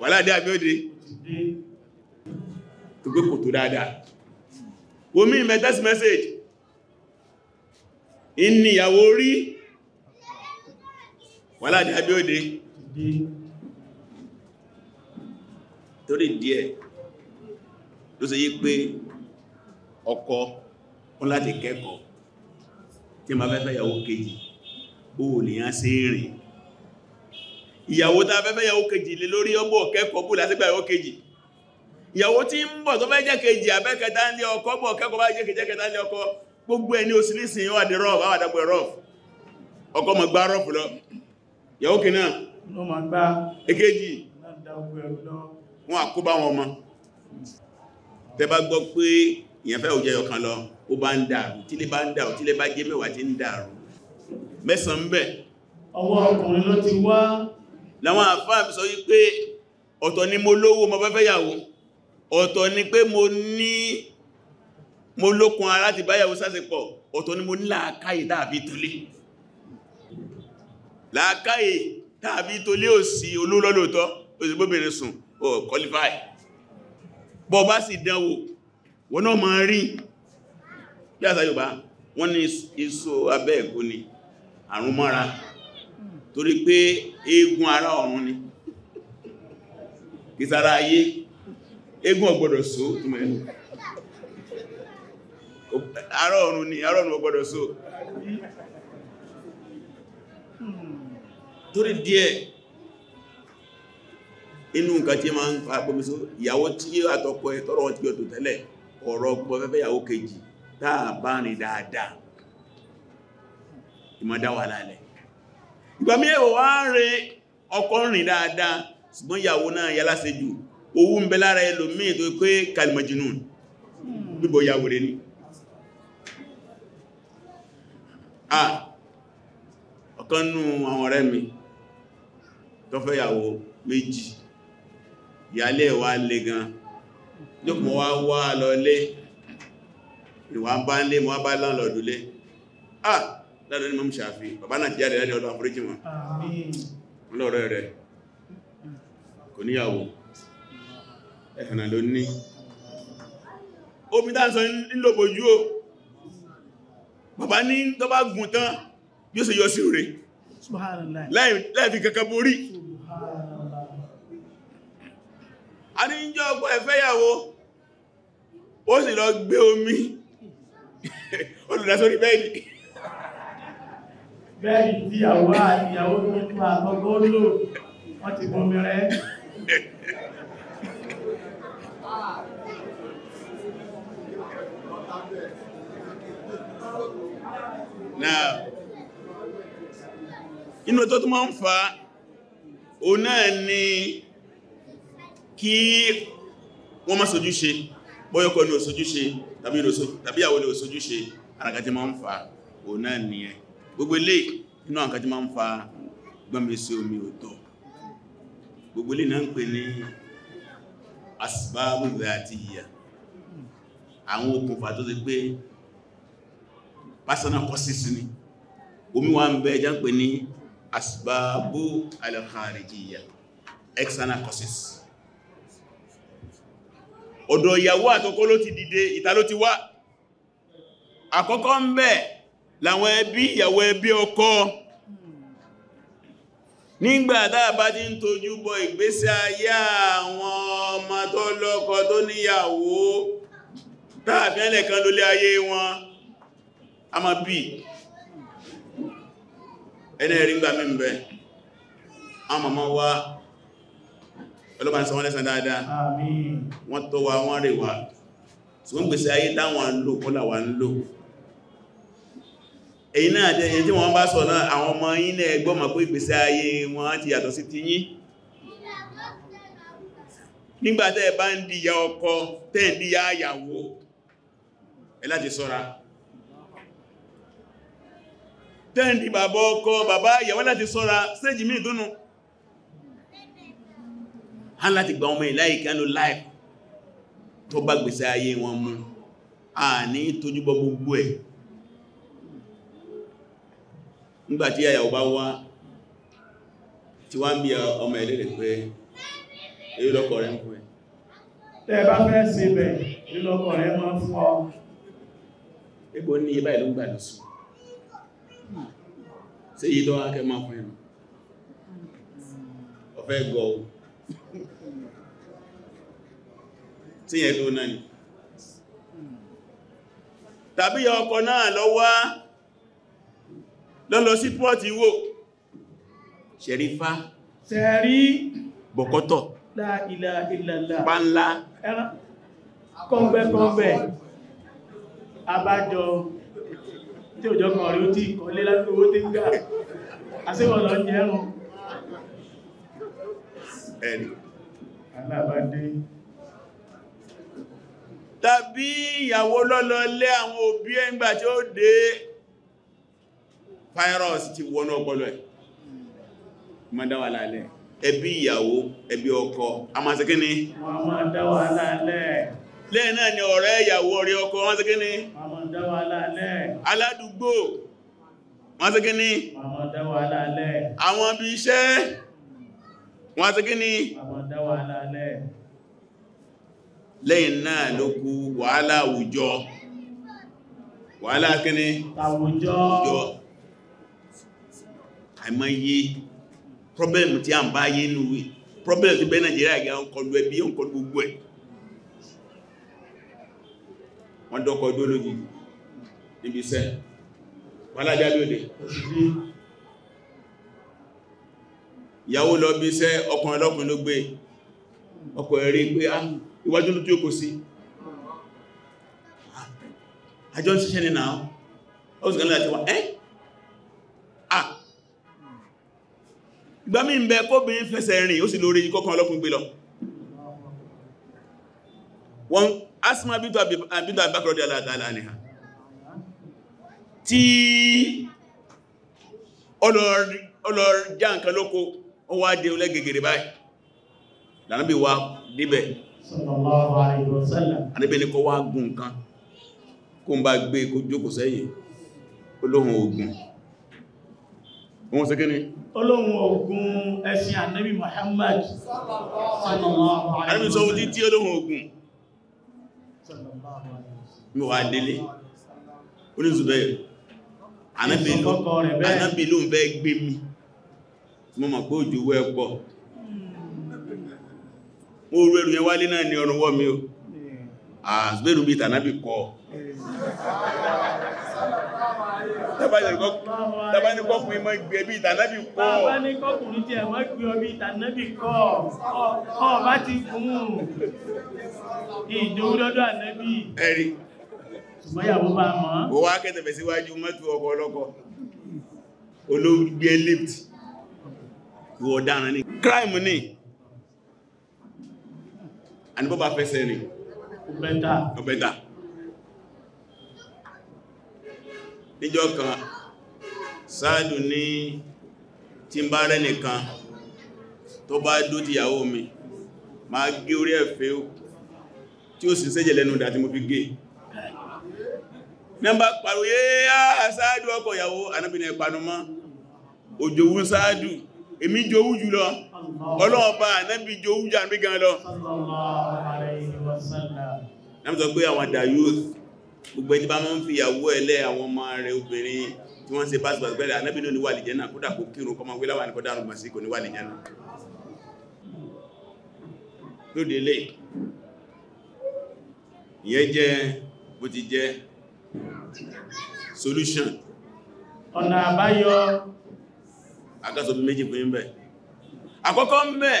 wà láàdé àbíọ́dé tó gbé kò tó dáadáa omi message ní ìyàwó rí wà láti abíòdé torí díẹ̀ ló ṣe yí pé ọkọ̀, kún láti kẹ́kọ̀ọ́ tí ma fẹ́fẹ́ ìyàwó kejì ó ni yán sí rìn ìyàwó tá fẹ́fẹ́ ìyàwó kejì lè lórí ọgbọ̀ kẹ́kọ̀ọ́ bú lásígbà kejì ìyàwó tí ń bọ̀ tó fẹ́ kejì abẹ́kẹta bọ̀ kẹ́kọ̀ọ́ bá jẹ́ kejì gbogbo ẹni o sì ní sin yíwà dé rọ́f àwọn àdàgbẹ̀ rọ́f ọkọ ma gbá rọ́f lọ yàwó kì náà ló wọn àkóbá wọn mọ́ tẹ bá gbọ́ pé ìyẹn òjẹ́ ọkàn lọ ó bá ń dàrú tí lé bá ń dàrú tí lé bá jẹ́ mẹ́wàá tí ń dàrú mẹ́sàn ń bẹ̀ mo lókun ara ti báyàwó sásepọ̀ ọ̀tọ̀ ni mo ní làákàyè tàbí tólé làákàyè tàbí tólé ò sí olólọ́lòtọ́ òsìgbóbìnrin sùn ò qualify bọ́ bá sì dánwò wọ́n náà máa rí bí àṣà Yorùbá wọ́n ní iṣò abẹ́ ẹ̀kú ni àrùn mọ́ra torí pé eégún ara ọ̀run ni kìsàrà ayé eégún ọ̀gbọ́dọ̀ só túnmọ̀ ẹnu ará ni so torí díẹ̀ inú nǹkan tí ma ń fa pọ̀mísó ìyàwó tí àtọkọ ẹ̀ tọ́rọ ti ọ̀tọ̀ tẹ́lẹ̀ ọ̀rọ̀ ọgbọ́ fẹ́fẹ́ ìyàwó kejì táà bá rìn dáadáa ìmọ̀dáwà lálẹ̀ ìgbà mí ọkọ rìn dáadáa ṣùgbọ́n ìyàwó náà yálà owó ń bẹ lára tó ah ọ̀kan nú àwọn ọ̀rẹ́ mi tó fẹ́ yàwó méjì ìyálé wa lè gan jókùn wá wá lọ lé ìwà bá ń lé mọ́ bá láńlọ́dù lé ah lọ́dọ̀ ní mọ́mù ṣàfi bàbá náà jáde láti ọdún àforíjì wọn lọ́rọ̀ rẹ̀ kò níyàwó ẹ̀hànà ló bàbá ní tó bá gùn tán yóò ṣe yọ sí òre láìfi kankan borí a ní jọ ọgbọ́ ẹ̀fẹ́yàwó ó sì lọ gbé omi olùdásórí bẹ́ẹ̀lì bẹ́ẹ̀lì tí ìyàwó àti ìyàwó tó ń pa àtọ́gbọ́ lò wọ́n ti bọ́mí náà inú tó tó máa ń fa o náà ni kí wọ́n má sojúṣe bọ́yọ́kọ ní òsojúṣe tàbí ìyàwó ní òsojúṣe àràkàtí máa ń fa o náà ni ẹ gbogbo ilé inú àkàtí máa ń fa gbọ́mẹsí omi òtọ̀ gbogbo ilé náà ń pè ní asbábù àti ìyà àwọn okùnfà tó ti pé asana kọsísí ni omi wa ń bẹ ẹjá ń pè ní asbabu al-kharijiyya external causes ọ̀dọ̀ ìyàwó àtọkọ ló ti dìde ìta ló ti wá àkọ́kọ́ ń bẹ làwọn ẹbí ìyàwó ẹbí ọkọ nígbà táà bá ti ń tojú bọ ìgbésí ayé àwọn ọmọ tó lọ́kọ tó níyàwó táà fi lólé ayé wọn Ama ma bí ẹni ẹ̀rí gbà mí bẹ a ma ma wá ọlọ́bà ń sanwọ́n dáadáa wọ́n tọ́ wa wọ́n rẹ̀ wà ṣùgbọ́n gbèsè ayé dáwọn ń lò kọ́là wà ń lò èyí náà jẹ́ èyí tí wọ́n bá sọ náà àwọn ọmọ yín náà gbọ́ mọ̀ pé ìgbésí ayé wọn ti yàtọ̀ sí ti yín nígbàtẹ́ bá ń di ya ọkọ tẹ́ ń di ya àyàwó ẹ láti ṣọ́ra tẹ́ndì bàbá ọkọ bàbá ìyàwó láti sọ́ra stage mi ìdúnnù a láti gba ọmọ ìláyì kánú láì tó bá gbèsè ayé wọn mú a ní tójúbọ gbogbo ẹ̀ nígbàtí àyàwó bá wá tí wá ń bí ọmọ ilé rẹ̀ pé èyí rẹ̀ ń fún ẹ tẹ́ bá fẹ́ sí ibẹ̀ lílọ́kọ rẹ̀ máa fún ọ sí èyí tó wá kẹ́ máa fún ẹnu ọ̀fẹ́ gọ̀ ọ́ tí yẹn tó náà ni tàbí ya ọkọ̀ náà lọ wá lọ́lọ sí pọ́ọ̀tì wò ṣẹ̀rífá ṣẹ̀rí bọ̀kọ́tọ̀ la pánlá kọ́ngbẹ́kọ́ngbẹ́ àbájọ tí òjò kan rí ó tí ìkọlé láti owó tí ń gà àṣíwọ̀n lọ jẹ́ ẹ̀rùn ẹ̀rì alábádé tàbí ìyàwó lọ́lọ́lé àwọn òbí ẹ̀ngbà tí ó dé fáírọ̀sì ti wọnú ọpọlọ ẹ̀ ma dáwà lálẹ́ ẹbí ìyàwó ẹbí ọkọ a máa ṣe kí ni wọ́n máa dáwà lálẹ́ lẹ́yìn náà ni ọ̀rẹ́ ìyàwó ọ̀rẹ́ ọkọ wọ́n sí kíní aládùúgbò wọ́n sí kíní àwọn ibi iṣẹ́ wọ́n sí kíní lẹ́yìn náà ló kù wàhálà àwùjọ wàhálà kíní àwùjọ àìmọye problem tí a ń bá yé nú problem tí bẹ́ Nàìjíríà gẹ́ ọkọ̀lú ẹbí ọkọ̀lú gbogbo ẹ̀ wọ́n dọ́kọ̀ ọdún ológun níbi iṣẹ́ wàlájá lóde ìyàwó lọ bí iṣẹ́ ọkùnrin ọlọ́kùnrin ló gbé ọkọ̀ ẹ̀rí pé á ah, iwájú ló tí ó kò sí ní ah, náà ó sì gánlẹ̀ àti wà ẹ́ ń bẹ rìn ó sì lórí gbé lọ asma bí i àbákọ̀rọ̀ dí aláàtàlá ní ha tí ọlọ́rjá nǹkan lóko ó wá dé olẹ́ gẹ̀gẹ̀rẹ̀ báyìí lànàbí wá níbẹ̀ sallallahu alaihi wasallam àníbẹ̀ ní kó wa gùn nǹkan kó ń bá gbé kó jókòó sẹ́yìn olóhun ogun ohun sí kíni olóhun ogun ẹ̀sìn ànábì Muhammad sallallahu alaihi wasallam mi wà délé oníṣùbẹ̀ anábì ń fẹ́ gbé mi mo mọ̀ pé òjò wẹ́ pọ̀ mo rú ẹrù yẹn wálé náà ní ọrùn wọ́ mi tàbá ní kọkùnrin mọ́ gbé bí ìtànábì kọ́ tàbá ní kọkùnrin tí ẹ̀wọ́n gbé ọbí ìtànábì kọ́ ọ bá ti kún ìjòwúdọ́dọ́ ànábì ẹ̀rí mọ́yàwó bá mọ́ ó wá kẹ́tẹ̀fẹ̀ síwájú mọ́tò ọkọ̀ ọlọ́kọ̀ olóògbé lift ìwọ̀ ọ̀daràn ní crime ní àníbọ́bà fẹ́sẹ̀ rìn ọ̀bẹ̀ta ọ̀bẹ̀ta níjọ́ kan sáàdù ní tí ń bá rẹ̀ nìkan tó bá dó ti ìyàwó mi ma gé orí ẹ̀fẹ́ tí ó sì sẹ́jẹ̀ lẹ́nu dà tí mo fi gé nẹ́mbà pàròyé sáàdù ọkọ ìyàwó anábìnrin ìpanumọ́ òjòwú sáàdù èmi jowú jùlọ ọlọ́ọ̀bá anábì jowú jà ń bí gan lọ Nàmì sọ pé àwọn àdà youth gbogbo ẹni bá máa ń fi ìyàwó ẹlẹ́ àwọn ọmọ rẹ̀ obìnrin tí wọ́n ṣe pásítọ̀sì bẹ̀rẹ̀ anábìnú ní wàlì jẹ́nà kódà kó kírun kọmọ wílá wà ní kọ́dà rùgbà sí kò ní wàlì jẹ́nà lóde lè ìyẹn jẹ́ bó ti jẹ́ solution ọ̀nà àbáyọ akásọ̀ méjì pín bẹ̀ àkọ́kọ́ ń bẹ̀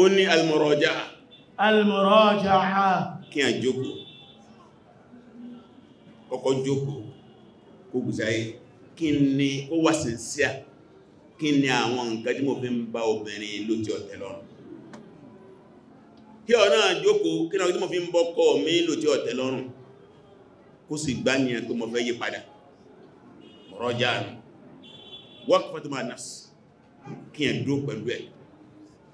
ó ní almọ̀rọ̀já almọ̀rọ̀já kí a jókòó kọ́kọ́ jókòó kó gbùsáyé kí ni ó wà sincere kí ni àwọn nǹkan tí mo fi ń bá obìnrin ló ti ọ̀tẹ̀ lọ́rùn kí ọ náà kí náà tí mo fi ń bọ́kọ mi ló ti ọ̀tẹ̀ lọ́rùn kó sì gbá ní ẹ̀ pé mo fẹ́ yí padà rọjá nù work for the madness kí ẹ̀ dúró pẹ̀lú ẹ̀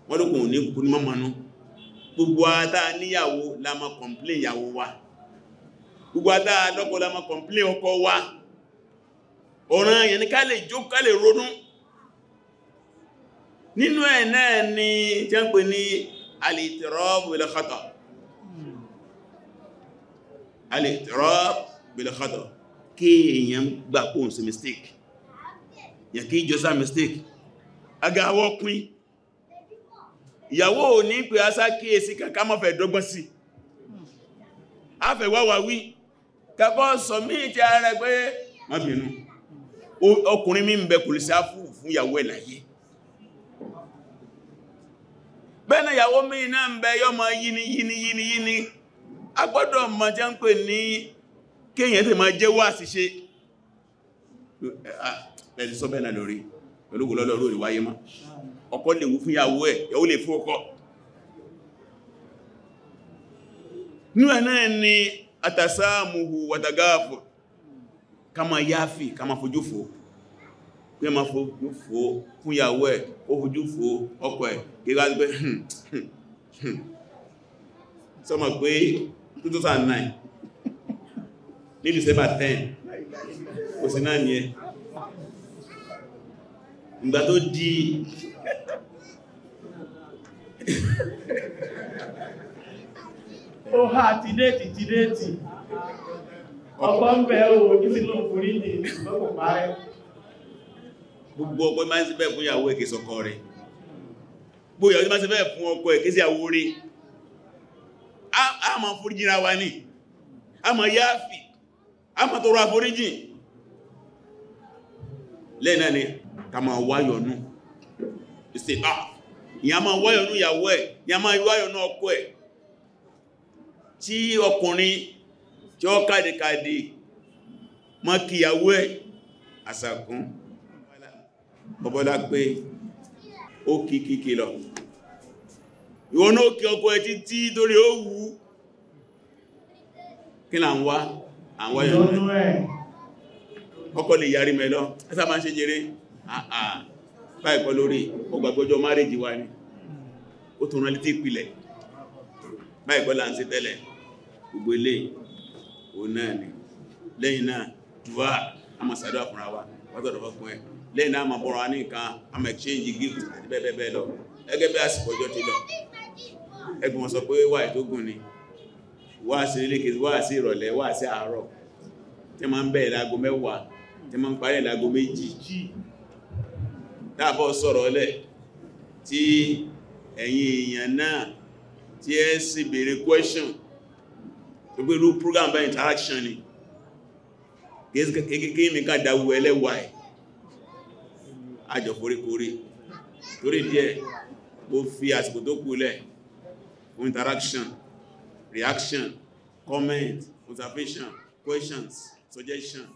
wọ́n lókùn ní kúkú ní mọ́mọ́nú gbogbo àtà níyàwó la mọ́ complain ìyàwó wa gbogbo adá lọ́kọ̀ọ́lá ma kọ̀m̀plé ọkọ wa ọ̀ràn yẹn ni ká lè jó ká lè ronú nínú ẹ̀ náà ni tí a ń pè ní al-i'tiraf bil-khata al-i'tiraf kí èyàn gbà kóhùn sí mistake yẹn kí jọ mistake agawọ́ pín ìyàwó ò ní pé a sá kíyèsí kàkà mọ́fẹ̀ sí afẹ̀wáwà wí kẹ́kọ́ sọ míì tí ara rẹ̀ pé má bínú ọkùnrin mi ń bẹ kò lè sáfù fún ìyàwó ẹ̀ bẹ́ẹ̀nà ìyàwó mi náà ń bẹ yọ́mọ yíní yíní yíní yíní a gbọ́dọ̀ jẹ́ ń pè ní kéèyàn tẹ́ máa jẹ́ ah, wá atasamuhu watagafu kama yáfì kama fojúfò pé ma fojúfò fún yàwó ẹ̀ ó fojúfò ọkọ ẹ̀ gíga gbé sọmọ̀ pé 2009 ní December 10 kò sí náà ní ẹ ìgbà di tó ha tineti tìdéètì ọ̀pọ̀ ń bẹ̀ ò ní sínú òfúrí ní parẹ́ gbogbo ọgbọ́n máa ń fún ìyàwó èké sọkọ rẹ̀ gbogbo fún èké sí a máa wa a máa a máa tọrọ ni máa ah, ìsìn ìyàwó ẹ̀ ẹ̀ tí ọkùnrin tí ó kàdìkàdì mọ́ kíyàwó ẹ̀ àsàkún bọ́bọ́lá pé ó kí kíkí lọ ìwọ náà kí ọkọ ẹ̀ títí torí ó wú kí là ń wá àwọn ẹ̀yọ́ rẹ̀ ọkọ lè yàrí mẹ́lọ ẹ́sà máa ń báyìí kọ́ là ń ṣe tẹ́lẹ̀ gbogbo ilé òun náà ni lẹ́yìn náà dùwà àmàsàdọ́ àkùnrà wa wọ́tọ̀dọ̀ fọ́kùn ẹ̀ lẹ́yìn náà àmà bọ́rọ̀ ní nǹkan àmà exchange gift àti bẹ́ẹ̀ bẹ́ẹ̀ lọ gẹ́gẹ́ bí àsìkò ọjọ́ ti lọ ẹgbùn wọn sọ pé wà ìtógùn ni wà sí ilékè wà sí ìrọ̀lẹ́ wà sí àárọ̀ tí ma ń bẹ̀rẹ̀ láago mẹ́wàá tí ma ń parí láago méjì dáàbọ̀ sọ̀rọ̀ lẹ̀ tí ẹ̀yin èèyàn náà tí ẹ sì béèrè question gbogbo irú program by interaction ni kéèkéé mi ká dáwò ẹlẹ́wà ẹ̀ àjọ kórékóré torí díẹ̀ ó fi àsìkò tó kú lẹ̀ fún interaction reaction comment observation questions suggestion